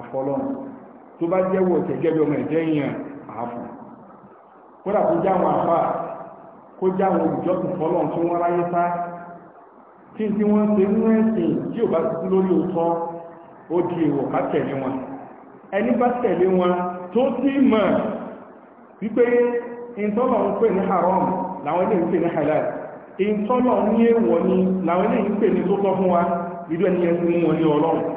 àfọlọ́run tó bá jẹ́wọ́ tẹ̀jẹ́ ọmọ ẹ̀jẹ̀ yẹn àáfọ̀ kódà kó já àwọn àfà kó já àwọn olùjọ́sìn fọlọ́run tí wọ́n ráyé sá tí tí wọ́n ṣe ń rẹ́sìn tí ò bá lórí òótọ́ ó di èèwọ̀ ká tẹ̀lé wọn ẹni bá tẹ̀lé wọn tó sì mọ̀ wípé ìtọ́lọ̀ ń pè ní haram làwọn ilé ń pè ní halal ìtọ́lọ̀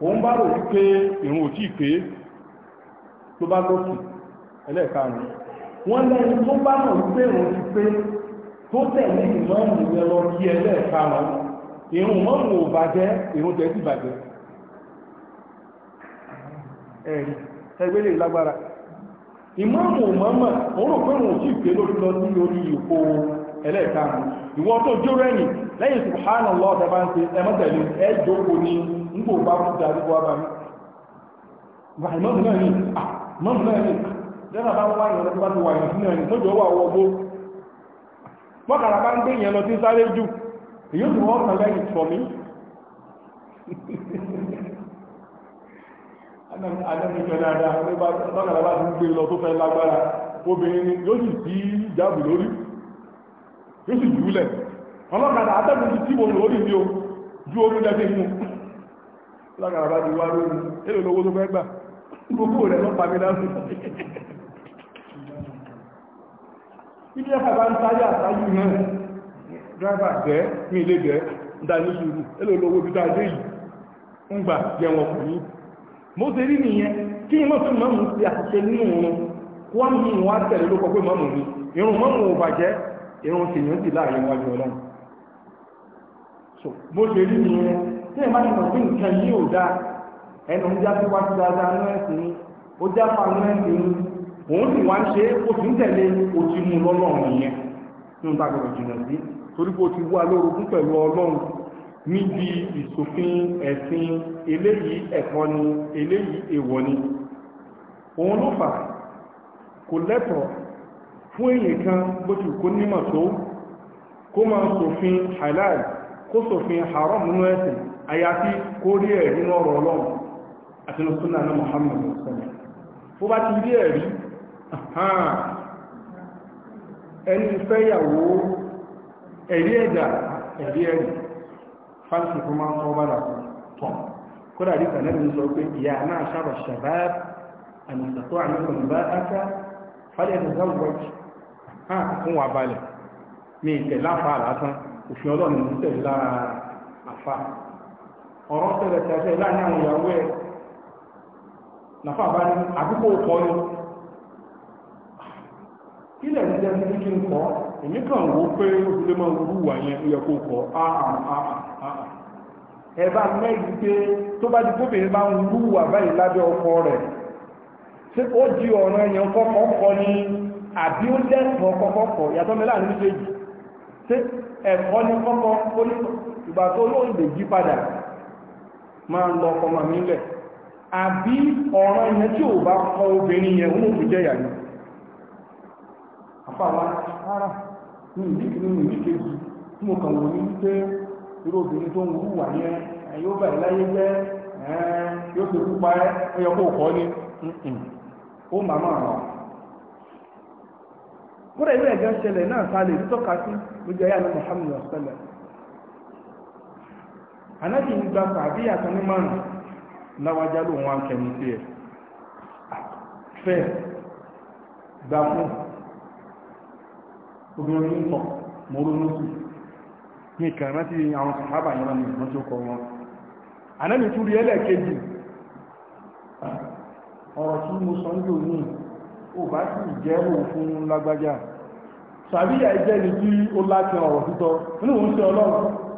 òun bá rò wípé ìrùn òtí pé tó bá lókè ẹlẹ́ẹ̀karùn wọ́n lẹ́yìn tó bá mọ̀ wípé ìrùn ti pé tó tẹ̀lé ìmọ̀ọ̀mù yẹn lọ kí ẹlẹ́ẹ̀karùn ìrùn mọ́mù ò bàjẹ́ ìrùn tẹ̀ sí bàjẹ́ ẹ̀rí ẹgbẹ́ lè lágbára ìmọ̀ọ̀mù mọ́mọ̀ òun rò pé ìrùn òtí pé lórí lọ sí orí ìpò ẹlẹ́ẹ̀karùn ìwọ́n tó jó rẹ̀yìn lẹ́yìn nígbò bá kú darí wá bá ní wà ìmọ̀mù náà ní àmọ̀mù náà ní lẹ́nà bá wá ìrọ̀lẹ́ bá ti wà ìrìn sínú ẹni tọ́jú ọwọ́ ọwọ́ gbó mọ́kàrà bá ń gbé yẹn lọ sí sáré jù èyí tó wọ́n kan lẹ́yìn tọ̀ mí adẹ́mìtọ́ fẹ́ lágbára obìnrin yóò sì sí ìjáàbù lórí yóò sì jùlẹ̀ tí mo lórí o ju orí lẹ́gbẹ̀ẹ́ fún lára àbá ti wá lórí lówó tó fẹ́ gbà gbogbo rẹ̀ lọ pàmí lásì ibi ẹ̀fà bá ń táyà àtàyù náà dráìbà jẹ́ ní ilé jẹ́ lówó dáadé yìí ń gbà jẹun mo ṣe rí nìyẹn kí ni mọ́mù nínú wọ́n mú wọn tẹ̀lé ló kọ pé mọ́mù ni irun mọ́mù mo ṣe rí tí èèmá ti mọ̀ sí nǹkan yìí ò dáa ẹnu ń já sí wá sí dáadáa nú ẹ̀sìn ni ó já fa nú ẹ̀sìn ni òun sì wá ń ṣe é ó sì ń tẹ̀lé o ti mú lọ́lọ́run nìyẹn tí wọ́n bá gbọdọ̀ jìnnà sí torí pé o ti wá lórogún pẹ̀lú ọlọ́run níbi ìṣòfin ẹ̀sìn eléyìí ẹ̀kọ́ ni eléyìí èèwọ̀ ni òun ló fà kò lẹ́tọ̀ọ́ fún èèyàn kan bó ti kó nímọ̀ tó kó máa ṣòfin halal kó ṣòfin haram nínú ẹ̀sìn àyàfi kó rí ẹ̀rí lọ́rọ̀ ọlọ́run àti lọ́sùnà náà Muhammad sọ́nà ó bá ti rí ẹ̀rí ẹni fẹ́yàwó ẹ̀rí ẹ̀dà ẹ̀rí ẹ̀rí fásitì fún máa ń sọ bá dàpọ̀ tọ̀ kódà rí sọ pé ìyá náà sábà ṣàbá àmìsàtọ́ àmìsàn bá áká fàdé ẹ̀dà wọ́ọ̀kì fún wa balẹ̀ mi ìtẹ̀ láfa àlásán òfin ọ̀rọ̀ tẹ̀lẹ̀ tẹ̀lẹ̀ láàrin àwọn ìyàwó ẹ̀ nàfà bá ní àdúgbò kọ́ ni ilẹ̀ ní jẹ́ ní kí n kọ́ èmi kàn wó pé obìnrin máa wúrú wà yẹn ó yẹ kọ́ áhà mẹ́rin pé tó bá di gómìnir bá ń wúrú wà báyìí lábẹ́ ọkọ rẹ̀ ṣé ó di ọ̀ràn ẹ̀yàn kọ́kọ́ kọ́ ni àbí ó lẹ́sùn ọkọ̀ kọ́kọ́ yàtọ̀ mi láàrin méjèèjì ṣé ẹ̀kọ́ ni kọ́kọ́ ìgbà tó lóun lè yí padà máa lọ ọkọ máa mi lẹ̀ àbí ọ̀ràn yẹn tí ò bá kọ obìnrin yẹn wọn fi jẹ́yà ni àfàwà rárá ní ìdíkì nínú ìdíkejì tí mo kàn wò ní pé irú obìnrin tó ń wù wà yóò bẹ̀rẹ̀ láyé jẹ́ yóò fi kó kọ́ ó máa máa rọ̀ ilé ẹ̀gẹ́ ṣẹlẹ̀ náà sálẹ̀ sí lójú ayé Anaghị ń gba tàbí àtàn ní márùn láwájá ló wọn kẹmí sí ẹ dakwu gbà fún obìnrin ń tọ̀ mọ́rún lóṣù ní wọn anábì tún rí ẹlẹ́ẹ̀kejì tí mo sọ ń lò ní bá sì fún lágbájá tàbí àìjẹ́ ni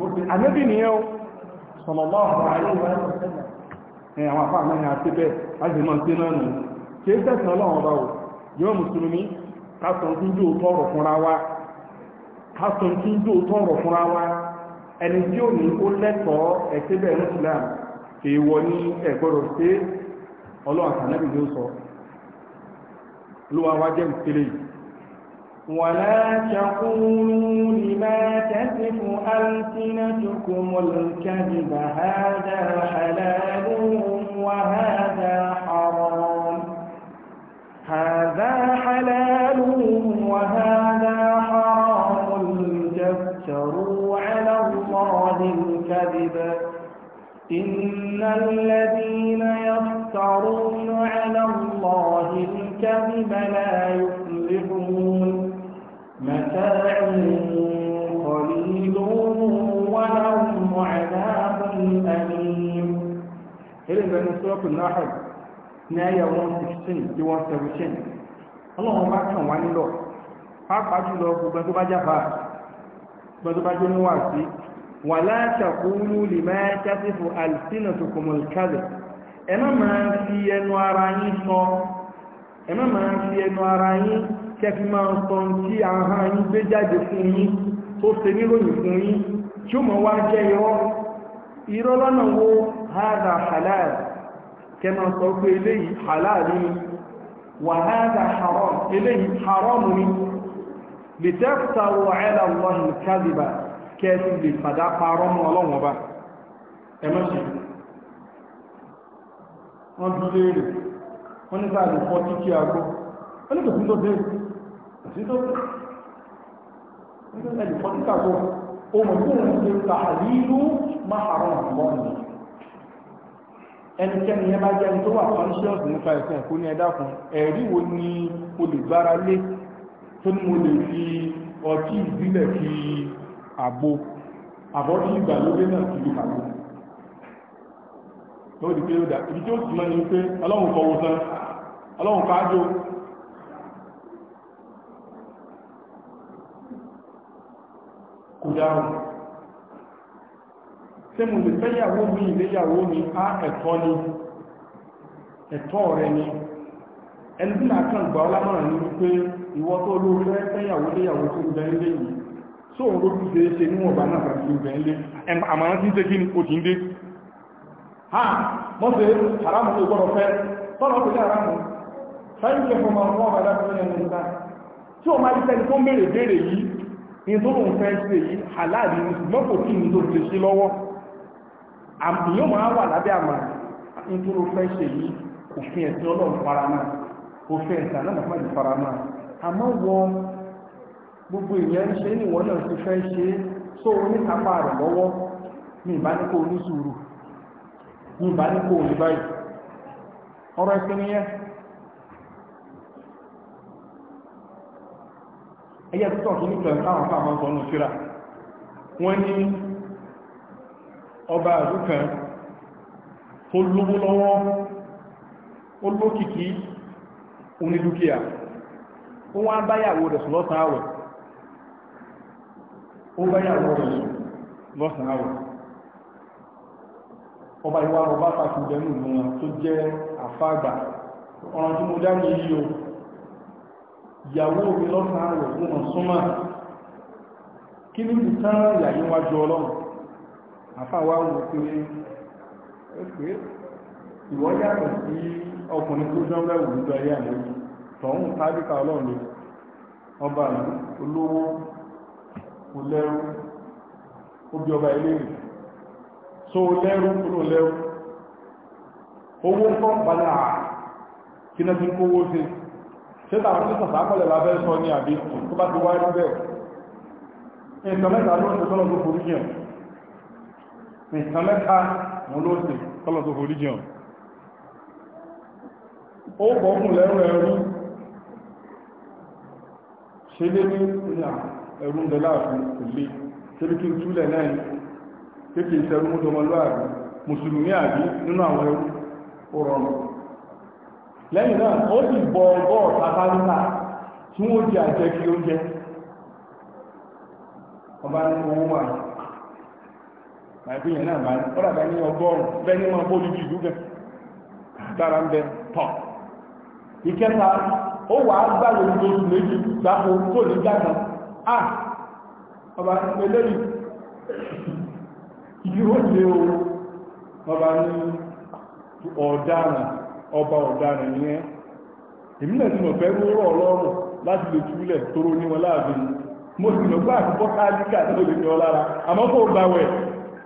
ànábì nìyẹn o sallallahu alaihi wa sallam ẹ̀ àwọn àpá àmọ́ àti bẹ́ẹ̀ láti mọ́ sí náà nù kí é tẹ̀sán ọlọ́run o yóò mùsùlùmí kásán tún jò tọrọ fúnra wa kásán tún jò tọrọ fúnra wa ẹni tí ó ní ó lẹ́tọ̀ọ́ ẹ̀sẹ̀ bẹ́ẹ̀ ní islam èèwọ̀ ní ẹ̀gbọ́dọ̀ sí ọlọ́run àtànábì ló sọ olúwa wa ولا تقولوا لما تسف ألسنتكم الكذب هذا حلال وهذا حرام هذا حلال وهذا حرام لتفتروا على الله الكذب إن الذين يفترون على الله الكذب لا ilé ìgbẹ́ ní sọ́ọ̀pù náà ní ayé 116 sí 117 ọlọ́run bá kàn wá nílọ̀ pàápàá jùlọ gbogbo tó bá jábà gbogbo tó bá jẹ́ níwà sí wà látàkúrú lè máa jáfífò àìsínà tó kòmọ̀lùkálẹ̀ ẹ má máa fi ẹnu ara yín sọ ẹ má máa fi ẹnu ara yín kẹfì máa sọ tí ahọ́n yín gbé jáde fún yín tó ṣe níròyìn fún yín tí ó mọ̀ wá jẹ́ irọ́ irọ́ lọ́nà wo هذا حلال كما sọ pé eléyìí وهذا حرام wà hádà haram على الله ni lè tẹ́fta حرام ẹ̀là wọn kádìbà kẹ́ẹ̀sì lè fàdá parọ́ mọ́ ọlọ́wọ́n bá ẹmọ́sì wọ́n bí léèrè wọ́n ní sáà lè fọ́ títí àgó wọ́n ní kòsí tó dé kòsí wọ́n ní sáà fọ́ títí àgó ohun ìgbóhùn ṣe tààlílù máa àrùn àwọn ọ̀nà ẹnikẹ́ni yẹn bá jẹ́ ẹni tó wà conscious nípa ẹ̀sìn ẹ̀kọ́ ní ẹ̀dá kan ẹ̀rí wo ni o lè gbára lé tó ní mo lè fi ọtí ìbílẹ̀ fi àgbo àbọ̀tí ìgbàlódé náà fi àgbo tó di pé ó dà ibi tí ó sì mọ́ ni pé ọlọ́run kọwọ́ sán ọlọ́run káájò kò dáhùn tí mo lè fẹ́yàwó mi ìléyàwó mi á ẹ̀tọ́ ni ẹ̀tọ́ rẹ ni ẹni tí màá kàn gbà ọ́ lámọ̀ràn ní wípé ìwọ tó ló fẹ́ fẹ́yàwó léyàwó tó gbẹ ń lé yìí tó ń rójú ṣe é ṣe níwọ̀nba náà bá ti gbẹ ń lé àmàrán tí ń ṣe kí ni o ti ń dé ha mọ́ ṣe haramu tó gbọ́dọ̀ fẹ́ tọ́lọ́ pé haramu sáyẹn kẹfọ́ máa wọ́n bá dá sílẹ̀ ní ìta tí o máa ṣẹ́ni halal ní ṣùgbọ́n kò tí ì ní tó yóò máa wà lábẹ́ àmà nítorí fẹ́ ṣe yìí òfin ẹ̀sìn ọlọ́run fara náà òfin ẹ̀sìn aláàmà fún ìfara náà àmọ́ wọ gbogbo ìyẹn ń ṣe ní ìwọ náà ti fẹ́ ṣe só oníkápá rẹ̀ lọ́wọ́ ní ìbánikó onísùúrù ní ìbánikó oníbáyìí ọ̀rọ̀ ẹ̀sìn nìyẹn ẹyẹ tó tọ̀ tó nípa ẹ̀ka àwọn fáwọn sọ̀nù síra wọ́n ní ọba àdúkan tó lówó lọ́wọ́ ó lókìkí onídúkìá ó wá báyàwó rẹ̀ sùn lọ́sàn àwẹ̀ ó báyàwó rẹ̀ sùn lọ́sàn àwẹ̀ ọba ìwà ọba pàtàkì wọn tó jẹ́ àfáàgbà ọ̀ràn tí mo dá ní yíò ìyàwó mi lọ́sàn àwẹ̀ kí ní ìtàn ìyàyíwájú ọlọ́run àfáwà wò pé pé ìwọ yàtọ̀ sí ọkùnrin tó dánwẹ́ wò lójú ayé àná tọ̀hún tábìkà ọlọ́run ọba àlú olówó kò lẹ́rú ó bí ọba ilé rẹ̀ so lẹ́rú kúrò lẹ́rú owó ń kọ́ balẹ̀ ah, àà kí náà ti ń kówó sí ṣé tàwọn tó sàfà kọ́lẹ̀ lábẹ́ sọ ní àbí tó bá ti wáyé bẹ́ẹ̀ nǹkan mẹ́ta ló ń sọ tó forí yẹn nǹkan mẹ́ta wọn ló sì kọ́lọ̀ tó forí jẹun ó bọ́kùn lẹ́rù ẹrú ṣe lé ní ìyà ẹrù ń dẹ̀lá àfin ìlé ṣe lé kí n túlẹ̀ náà ní kéèkì ìṣẹ́rú mú tọmọlúwàbí mùsùlùmí àbí nínú àwọn ẹrú ó rọrùn lẹ́yìn náà ó sì bọ ọgọ́ ọ̀tàkárítà tí wọ́n di àjẹkí oúnjẹ ọba ní owó wà ní àìpéyàn náà máa ó dàbẹ́ ní ọgọ́rùn-ún bẹ́ẹ̀ ní wọn bójú ju ìlú gan dara ń bẹ ike ìkẹta ó wà á gbà lórí oṣù méjì gbàpò tó ọba o o ọba ọba èmi náà ti mọ̀ fẹ́ láti lè túlẹ̀ tóró mo sì káàdì lè lára àmọ́ kò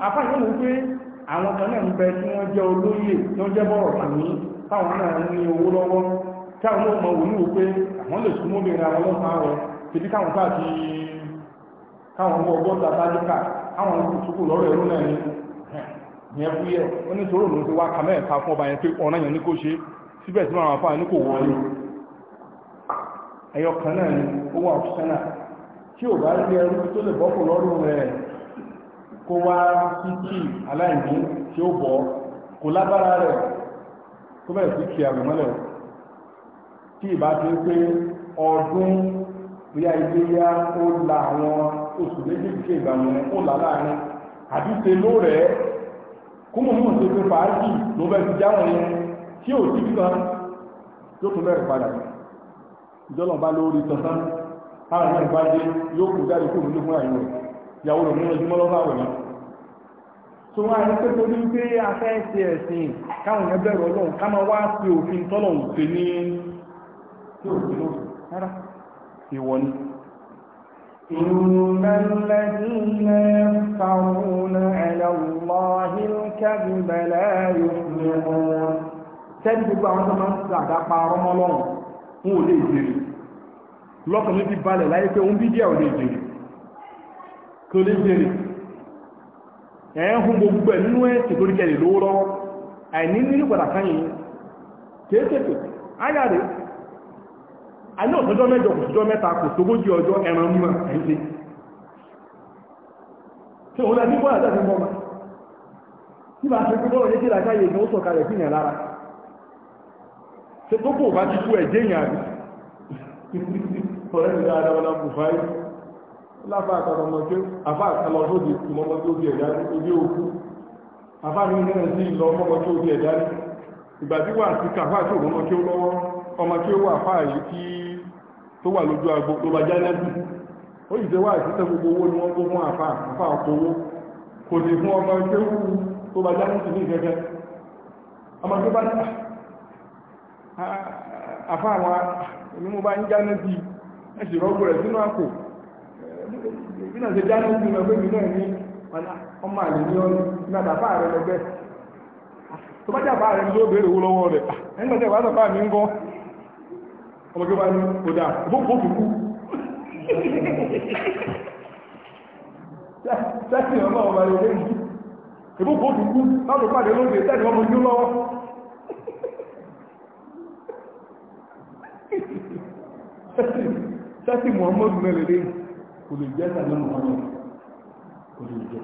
afá ìwọ́n mú pé àwọn kan náà ń bẹ tí wọ́n jẹ́ olóyè tí wọ́n jẹ́ bọ́rọ̀ tàní táwọn náà ní owó lọ́wọ́ táwọn náà mọ̀ wòlú pé àwọn lè súnmọ́ lè ra wọn rẹ̀ tìbí káwọn tí ò bá rí ẹrú tó lè bọ́kù lọ́rùn rẹ̀ kó wá títí aláìní tí ó bọ̀ kò lágbára rẹ̀ tó bẹ̀rẹ̀ sí kí àwẹ̀ mọ́lẹ̀ tí ìbá ti pé ọdún bóyá ilé yá ó la àwọn oṣù méjì kí ìgbà wọn ó là láàrin àbí ṣe ló rẹ̀ kúmùmù ṣe pé fàájì ló bẹ̀rẹ̀ ti jáwọn yẹn tí ò sí kan tó tún bẹ̀rẹ̀ padà ìjọ́lọ̀ bá lórí tọ̀tán táwọn náà bá dé yóò kú jáde kúrò nínú fún àyẹ̀wò ìyàwó rẹ̀ mú ẹjú mọ́lọ́gbà wẹ̀ náà tó wá ní pé torí pé afẹ́ ti ẹ̀sìn káwọn èèyàn bẹ̀rù ọlọ́run ká máa wá sí òfin tọ́lọ̀hún pé ní tí òfin náà rárá ìwọ ni. إن الذين يفترون على الله الكذب لا يفلحون sẹ́ni gbogbo àwọn tó máa ń sàdá pa ọmọ lọ́rùn fún òlé ìjèrè lọ́kàn mi ti balẹ̀ láyé pé òun bí díẹ̀ òlé ìjèrè kò lè jèrè ẹ̀ẹ́hùn gbogbo ẹ̀ nínú ẹ̀sì tó ríkẹ́ lè lówó lọ́wọ́ àìní nínú padà káyìn kéèkéèkè ágàdé àní òtọ́jọ́ mẹ́jọ kò sójọ́ mẹ́ta kò sógójì ọjọ́ ẹran mú ẹ̀yìn tí òun lẹ́bí bọ́ àtẹ́sí mọ́ ma tí bá ṣe gbọ́rọ̀ yé kíra káyè ní ó sọ tó kò bá ti kú (laughs) láfa àtàlọmọdé àfa àtàlọmọdé ìmọmọdé òbí ẹ̀dá ojú òkú àfa mi náà sí ìlọ ọmọmọdé òbí ẹ̀dá ìgbà tí wà sí kàfà tí òun ọmọdé lọ́wọ́ ọmọdé wà fà yìí tí tó wà lójú agbo ló bá jánẹ́bù ó yìí tẹ́ wà sí tẹ́ gbogbo owó ni wọ́n kó fún àfa àfa ọkọ̀ owó kò sì fún ọmọdé tó bá jánẹ́bù ní rọ́gbọ̀ rẹ̀ sínú àpò bí náà ṣe dáná sí ọmọ ẹgbẹ́ mi náà ní ọmọ àlè ní ọ́nù ní àdàbà rẹ lọ́gbẹ́ tó bá dàbà rẹ ló béèrè owó lọ́wọ́ rẹ̀ ẹgbẹ́ tẹ̀ wá sọ fáà mi ń gọ́ ọmọ gbé wá ní ọ̀dà òbókò òkùnkù sẹ́sìn ọmọ ọmọ rẹ̀ lẹ́yìn ìbókò òkùnkù láti pàdé lóde tẹ́lẹ̀ ọmọ ojú lọ́wọ́ sẹ́sìn muhammadu mẹ́lẹ̀ lẹ́yìn kò lè jẹ́ sàmì mọ́mọ́ kò lè jẹ́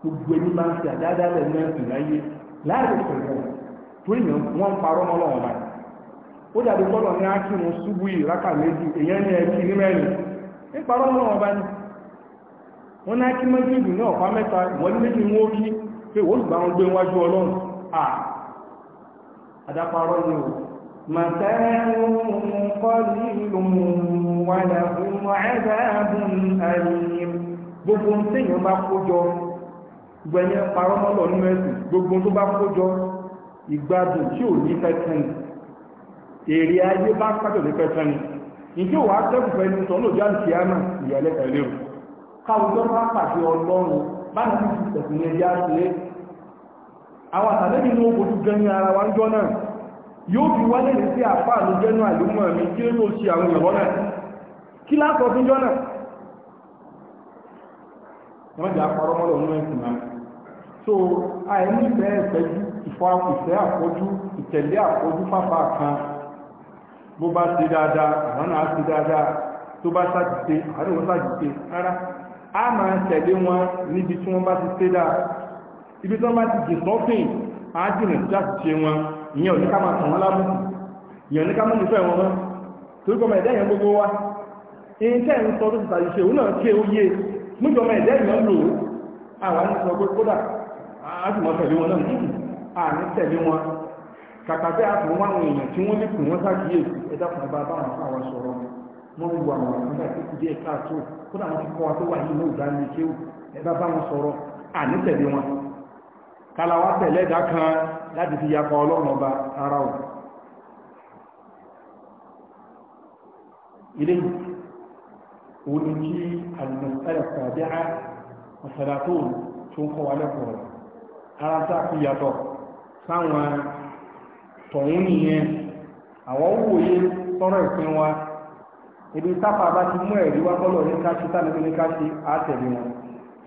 gbogbo ẹni máa ń ṣe àdáadáa lẹ̀ náà sì láyé láàrin ìṣẹ̀lẹ̀ torí yẹn wọ́n ń parọ́ mọ́ lọ́wọ́ báyìí ó dàbí kọ́lọ̀ ní dị ṣubú yìí rákà méjì èèyàn ní متاع قليل ولهم عذاب أليم gbogbo ń téèyàn bá kó jọ gbẹ̀yẹ parọ́mọ́lọ nínú ẹ̀sìn gbogbo tó bá kó jọ ìgbádùn tí ò ní pẹ́tẹ́ni èrè ayé bá pàtó ní pẹ́tẹ́ni ìjọ wàá tẹ́kù pẹ̀lú sọ lójú àti àmà ìyàlẹ́ pẹ̀lú káwùjọ bá pàṣẹ ọlọ́run bá ní ti tẹ̀sìn ẹja ṣe yóò fi wálé ní sí àpá àmì jẹ́nu àlúmọ̀ mi kí ó yóò ṣe àwọn ìrọ̀ náà kí lásọ̀ fún jọ́nà wọ́n jẹ́ àpárọ́ mọ́lọ̀ ní ẹ̀sìn náà so àìní ìfẹ́ ẹ̀fẹ́jú ìfọ́ ìfẹ́ àpọ́jú ìtẹ̀lé àpọ́jú pápá kan bó bá ṣe dáadáa àwọn náà ṣe dáadáa tó bá ṣàjìṣe àwọn náà ṣàjìṣe rárá a máa tẹ̀lé wọn níbi tí wọ́n bá ti ṣe dáa ibi tí wọ́n bá ti jìn sọ́fìn á jìnà sí àṣìṣe wọn ìyẹn ò ní ká máa tàn wọ́n lábùkù ìyẹn ò ní ká mú nífẹ̀ẹ́ wọn mọ́ torí kọ́mọ ẹ̀dá èèyàn gbogbo wa ẹni tẹ́ ń sọ tó ti tàbí ṣe òun náà ké oyé mújọ ọmọ ẹ̀dá èèyàn lò ó àwa ní sọ pé kódà á sì mọ tẹ̀lé wọn náà nínú à ní tẹ̀lé wọn kàkà bẹ́ẹ̀ àpò wọn àwọn èèyàn tí wọ́n lè kù wọ́n sákìyè ẹ̀dá kan bá báwọn àwọn sọ̀rọ̀ wọn wù àwọn àkúndà tó kù díẹ̀ káàtó kódà wọn ti kọ́ wa tó wà yìí náà dá ní kéwù ẹ̀dá báwọn sọ̀rọ̀ à ní tẹ̀lé wọn kálá wa tẹ̀lé ẹ̀dá kan láti fi yakọ ọlọ́run ọba ara wọn ilé òun ni kí alìmọ̀sáyà tàbí á ọ̀sàdàtò tó ń kọ́ wa lẹ́kọ̀ọ́ rẹ̀ ara tá a fi yàtọ̀ sáwọn tọ̀hún nìyẹn àwọn wòye sọ́rọ̀ ìpín wa ibi tápà bá ti mú ẹ̀rí wá bọ́lọ̀ ní káṣí tánàbí ní káṣí àtẹ̀lé wọn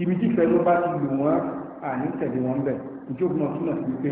ibi tí fẹ́ bá ti lù wọ́n àní tẹ̀lé wọn bẹ̀ ìjókòó túnà sí pé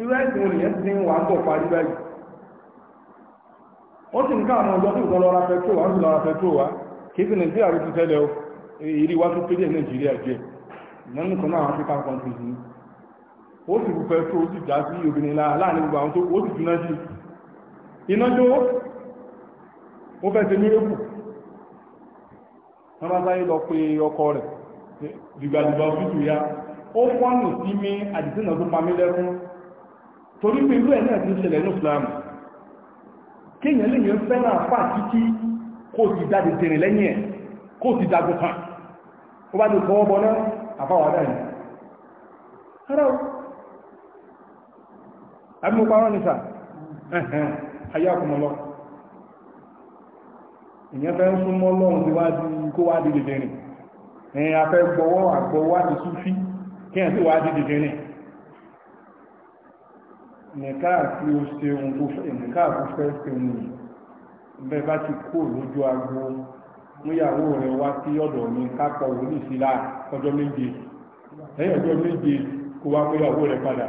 irú ẹ̀sìn nri nìyẹn wà ń bọ̀ parí báyìí ó sì ń ká àwọn ọjọ́ lọ́ra wá ń sì lọ́ra pẹ̀tró wá kì í nàìjíríà ti tẹ́lẹ̀ o ìrí wá tó péjẹ́ nàìjíríà jẹ́ kan náà African countries ni ó sì bu pẹ̀tró ó sì já sí obìnrin gbogbo àwọn tó ó sì torí pé irú ẹ̀ náà ti ṣẹlẹ̀ ní islam kéèyàn lè yẹn fẹ́ràn àfà títí kó ti jáde tèrè lẹ́yìn ẹ̀ kó ti jago kan ó bá ti fọwọ́ bọ́ná àfáwádà yìí ara o abúlé parọ́ nìta ẹ̀hẹ̀n ayé àkùnmọ́ lọ fẹ́ ń súnmọ́ lọ́run tí wáá di kó nìkáà tí ó ṣe ohun tó fẹ́ nìkáà tó fẹ́ ṣe ohun yìí bẹ́ẹ̀ bá ti kó lójú agbo múyàwó rẹ̀ wá sí ọ̀dọ̀ mi kápọ̀ oníṣìlá ọjọ́ méje lẹ́yìn ọjọ́ méje kó wá múyàwó rẹ̀ padà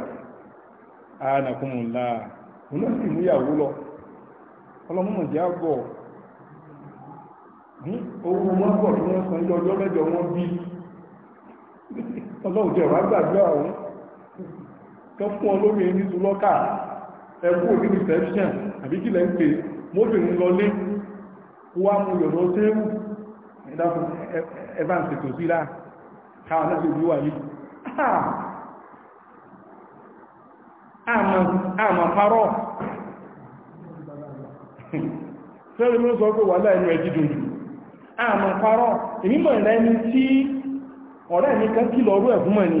ààrẹ̀kùnmùnlá òun sì múyàwó lọ ọlọ́mọ jẹ́ àgbọ̀ owó wọn bọ̀ tí wọ́n san ọjọ́ mẹ́jọ wọn bí ọlọ́run jẹ́ wàá gbàdúrà tó fún olómi ní zulọ́kà ẹkú òní reception àbí kí lẹ́ ń pè mọ́bìnrin lọlé wá mú yọ̀rọ̀ tẹ́rù ẹ̀dàkùn evans tó sí láà káwọn náà sì wíwà yìí àmà parọ́ sẹ́rẹ̀ mọ́ sọ pé wà láìnú ẹjí dojú àmà parọ́ èyí mọ̀ ìrẹni tí ọ̀rẹ́ mi kan kí lọ rú ẹ̀fún mọ̀ ni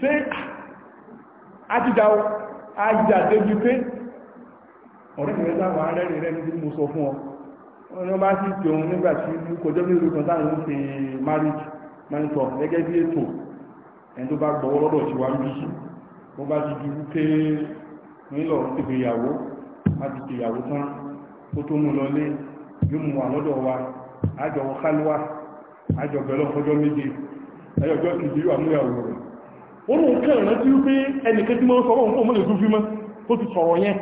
ṣe ajídáwó ajídàdé bí pé ọ̀rẹ́ rẹ̀ sáwọn arẹ́rìn rẹ̀ ní mo sọ fún ọ wọ́n bá sí ti òun nígbà tí ó kọjọ́ ní ìlú kan táwọn ń fi marriage monitor gẹ́gẹ́ bí ètò ẹni tó bá gbọ́wọ́ lọ́dọ̀ sí wa bí wọ́n bá ti ju pé nílọ ti fi ìyàwó láti fi ìyàwó tán ó tó mú lọlé yóò mú wa lọ́dọ̀ wa àjọ kálíwà àjọ bẹ̀rẹ̀ ọjọ́ méje ẹyọjọ́ kìí yóò àmúyàwó rẹ̀ oòrùn kẹrin rántí wípé ẹnìkan tí wọ́n sọ́rọ̀ nǹkan mọ́lẹ̀ mọ́ tó ti sọ̀rọ̀ yẹn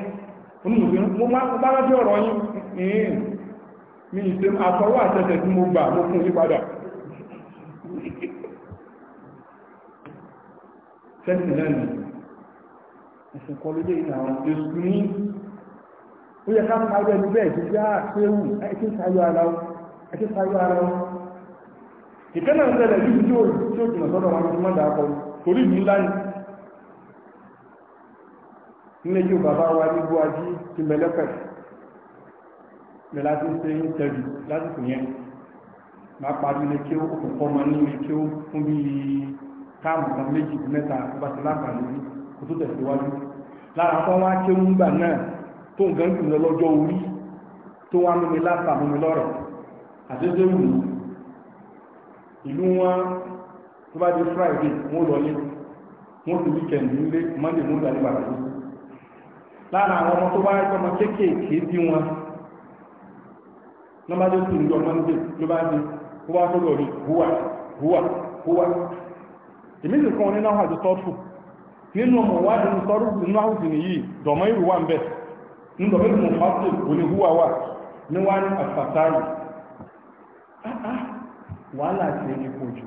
ó yẹ ká pàdé ẹni bẹ́ẹ̀ tí yá àṣẹ́wù ẹ̀kí sáyọ́ ara ọ́ ẹ̀kí sáyọ́ ara ọ́ ìkẹ́nà ń tẹ́lẹ̀ bí torí ìlú ńlá ni nílé yóò bàbá wa ní buwají ti mẹlẹ́pẹ̀ ní láti ṣe ń tẹ̀lé lásìkò yẹn máa parí ilé kí ó kò kọ́ ọmọ ní ilé kí ó fún bí táàmù kan méjì mẹ́ta bá ti láǹfààní rí kó tó tẹ̀síwájú lára fún wa kí ó ń gbà náà tó nǹkan jù lọ lọ́jọ́ orí tó wá mímí láǹfààní lọ́rẹ̀ àdédéwù ìlú wọn tó bá di friday wọ́n lọ ní wọ́n ti weekend nílé monday wọ́n dà nígbà tó lára àwọn ọmọ tó bá rí ọmọ kéékèèké bí wọn nọ́mbà tó tún jọ monday ló bá di ó bá tó lọ rí hùwà hùwà hùwà èmi sì kàn nínú àwọn àti tọ́tù nínú ọmọ wa ní sọ́rù nínú àwọn ń ní ní àfàtàrí ah, ah, wàhálà ti ẹni kojú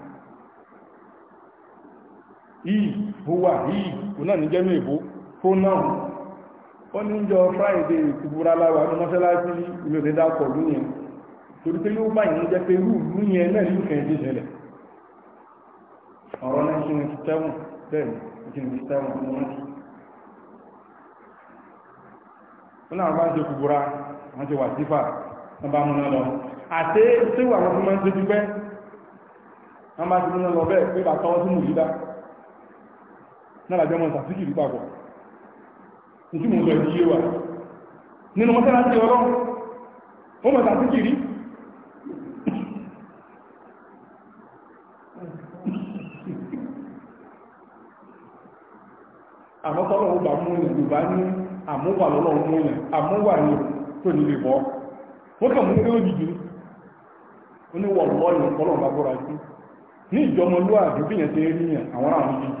yìí búwà yìí kò náà ní jẹ́nu èbó pronoun ó ní jọ friday ti búra lára ní mọ́ṣáláṣí ilé òde dákọ̀ lóyìn torí pé yóò bá ìyẹn jẹ́ pé irú lóyìn náà ní ìfẹ́ ti ṣẹlẹ̀ ọ̀rọ̀ 1997 bẹ́ẹ̀ 1997 mọ́ ó náà bá ń ṣe kúbúra wọ́n ti wà sífà wọ́n bá múná lọ àti tí wà wọ́n fi máa ń ṣe jù bẹ́ẹ̀ wọ́n bá ti múná lọ bẹ́ẹ̀ pé bàtà wọ́n ti n'ala jẹ́ mọ́ta sí kìrì papọ̀ ìtí mọ̀ sọ ìdíyé wa nínú mọ́sálásí ọlọ́run ó mọ̀ta sí mú ní yorùbá ní àmúwà lọ́lọ́run mú ní àmúwà ní tó bọ́ wọ́n kà mú ní bọ́ra sí ní ìjọmọlúwà àdúgbìyàn àwọn àwọn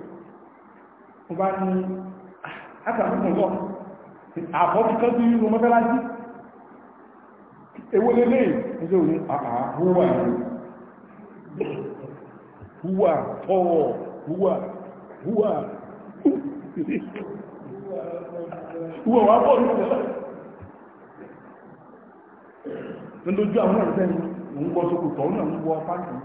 mo bá ní àtàkùn lọ àbọ̀tí kan tó yíru mọ́tálásí ewé lélẹ̀ ẹjọ́ òní àhúwà húwà tọ́wọ̀ húwà húwà húwà wà bọ́ ní ọ̀rọ̀ lójú àwọn ọ̀rẹ́ ń gbọ́ sókù tọ́ náà ń gbọ́ pàtàkì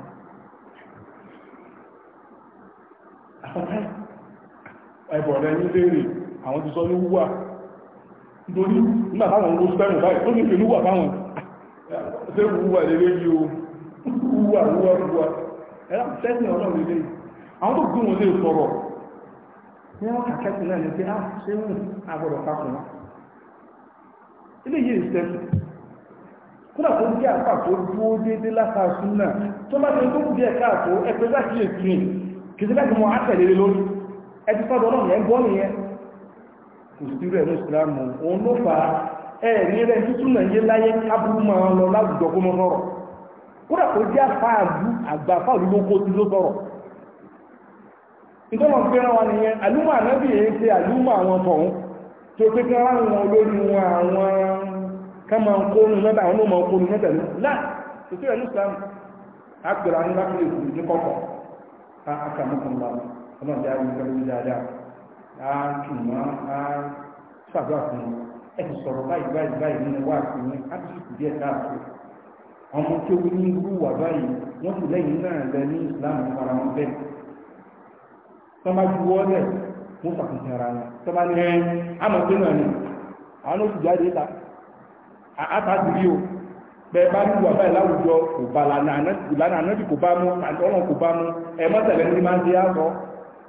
ẹbọ̀ rẹ̀ ní léèrè àwọn ti sọ ní wúwà nítorí nígbà táwọn olóṣù bẹ̀rù báyìí tó ní fi lúwà báwọn ṣe wúwà lélé yìí o wúwà wúwà wúwà ẹ̀rọ sẹ́sìn ọ̀nà lélé àwọn tó gún wọn lè sọ̀rọ̀ ní wọ́n kàkẹ́sì náà ní pé á ah, ṣe ń agbọ̀dọ̀ kákùn wọn ilé yìí sẹ́sìn kódà tó jẹ́ àpá tó dúó déédéé látàásùn náà tó bá ti tó kù díẹ̀ káàtó ẹgbẹ́ láti ètò kìí láti mọ àtẹ̀lé lórí ẹbí fọ́dọ̀ náà yẹn gbọ́ nìyẹn kò sí rẹ̀ ní ìsìlámù òun ló fà á ẹ ní rẹ̀ tútù náà láyé kábùrú máa lọ láwùjọ kó kódà jẹ́ àgbà fáàlú ló kó sí ló ìtọ́nà fẹ́ràn wa nìyẹn àlúmọ̀ ànábì yẹn ṣe àlúmọ̀ àwọn wọn àwọn mẹ́ta àwọn ọlọ́ọ̀dá yìí pẹ̀lú dáadáa á tù wọ́n á ṣàdúrà fún sọ̀rọ̀ báyìí báyìí báyìí nínú wá sí wọn díẹ̀ káàkiri ọmọ tí ó ní irú wà báyìí wọ́n sì lẹ́yìn náà lẹ ní ìsìlámù fara wọn bẹ́ẹ̀ tó máa ju wọ́n lẹ̀ wọ́n ara wọn tó bá ní ẹ àmọ̀ náà ni àwọn oṣù jáde ta àtàkùn o bá báyìí láwùjọ kò bá kò bá mú kò bá mú mọ́tẹ̀lẹ́ ní máa ń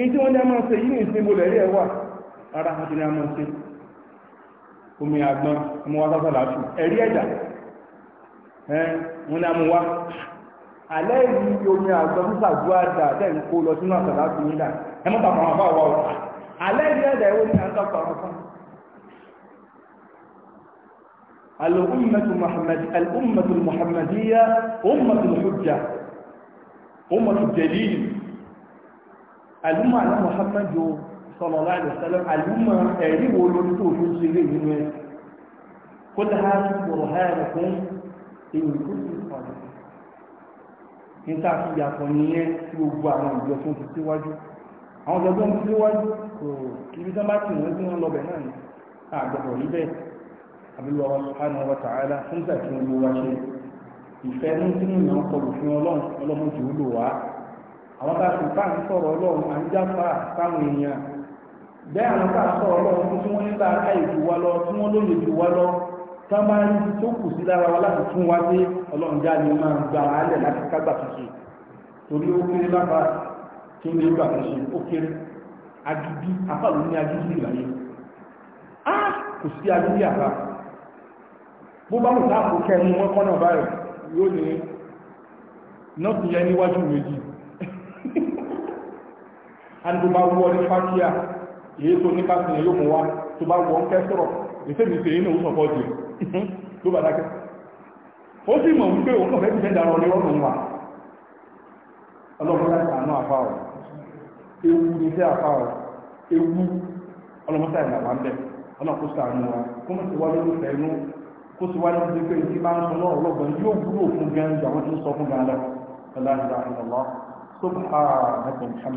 èyí tí wọ́n ní a máa ṣe yìí ní ìsinmi lẹ́rí ẹ̀ wà ara àti ní a máa ṣe omi àgbọn ọmọ wa sásà láàṣù ẹ̀rí ẹ̀dà wọn ni a mú wa alẹ́ yìí omi àgbọn sísà ju àdà tẹ̀ ń kó lọ sínú àsàlá sí ní dà ẹ mọ́ tàbí àwọn afá wa wà alẹ́ yìí ẹ̀dà ẹ̀wọ́ ní à ń tàbí àwọn afá الأمة محمد الأمة المحمدية أمة الحجة أمة الدليل àlùmọ̀ àná Muhammadu sallallahu alaihi wasallam àlùmọ̀ ẹ̀rí wo lórí tó tó ṣe lé nínú ẹ̀ kó lè ha tó bọ̀rọ̀ ha ẹ̀rọ fún èyí tó ti sọ̀rọ̀ níta fi yàtọ̀ nìyẹn tí gbogbo àwọn ìjọ tó ti síwájú àwọn ìjọ tó ń síwájú kò ibi tó bá ti wọ́n tí wọ́n lọ náà ni àgbẹ̀bọ̀ rí bẹ́ẹ̀ àbílọ́wọ́ subhanahu wa ta'ala fún ìgbà tí wọ́n ìfẹ́ mú sínú ìyàn kọlù fún ọlọ́run ọlọ́run ti wúlò wá àwọn bá ti bá ń sọ̀rọ̀ ọlọ́run à ń jáfà sáwọn èèyàn bẹ́ẹ̀ àwọn bá sọ̀rọ̀ ọlọ́run tí wọ́n ní láàká ìjù wa lọ tí wọ́n lóye jù wa lọ tán bá ń tó kù sí lára já ni máa gba àálẹ̀ láti kágbà tuntun torí ó kéré lábá kí ní gbà tuntun ó kéré agidi afáàlú ní agidi ìlàyé á kò sí agidi àbá bó bá mùsà kò kẹ́ ẹnu wọn kọ́nà báyìí yóò ní nọ́ọ̀tì yẹn níwájú méjì àti tó bá wọ́ ní fátíà èyí tó ní fásitì yóò mú wá tó bá wọ́n kẹ́ sọ̀rọ̀ ìfẹ́mi sí inú sọ̀pọ̀ jù tó bá dákẹ́ ó sì mọ̀ wípé òun kọ̀ fẹ́ ti fẹ́ dára ọ ní ọdún wa ọlọ́mọdé àánú àfa ọ̀ ewu ní sí àfa ọ̀ ewu ọlọ́mọdé àìlà wà ń bẹ̀ ọlọ́kó sàánú wa kó mọ̀ sí wá lórí ìfẹ́ inú kó sì wá lórí pé ìdí máa ń sọ náà ọlọ́gbọ̀n yóò wúlò fún gan ju àwọn tó ń sọ fún gan lọ ọlá ìlà ìlọ́lọ́ tó bá ààrẹ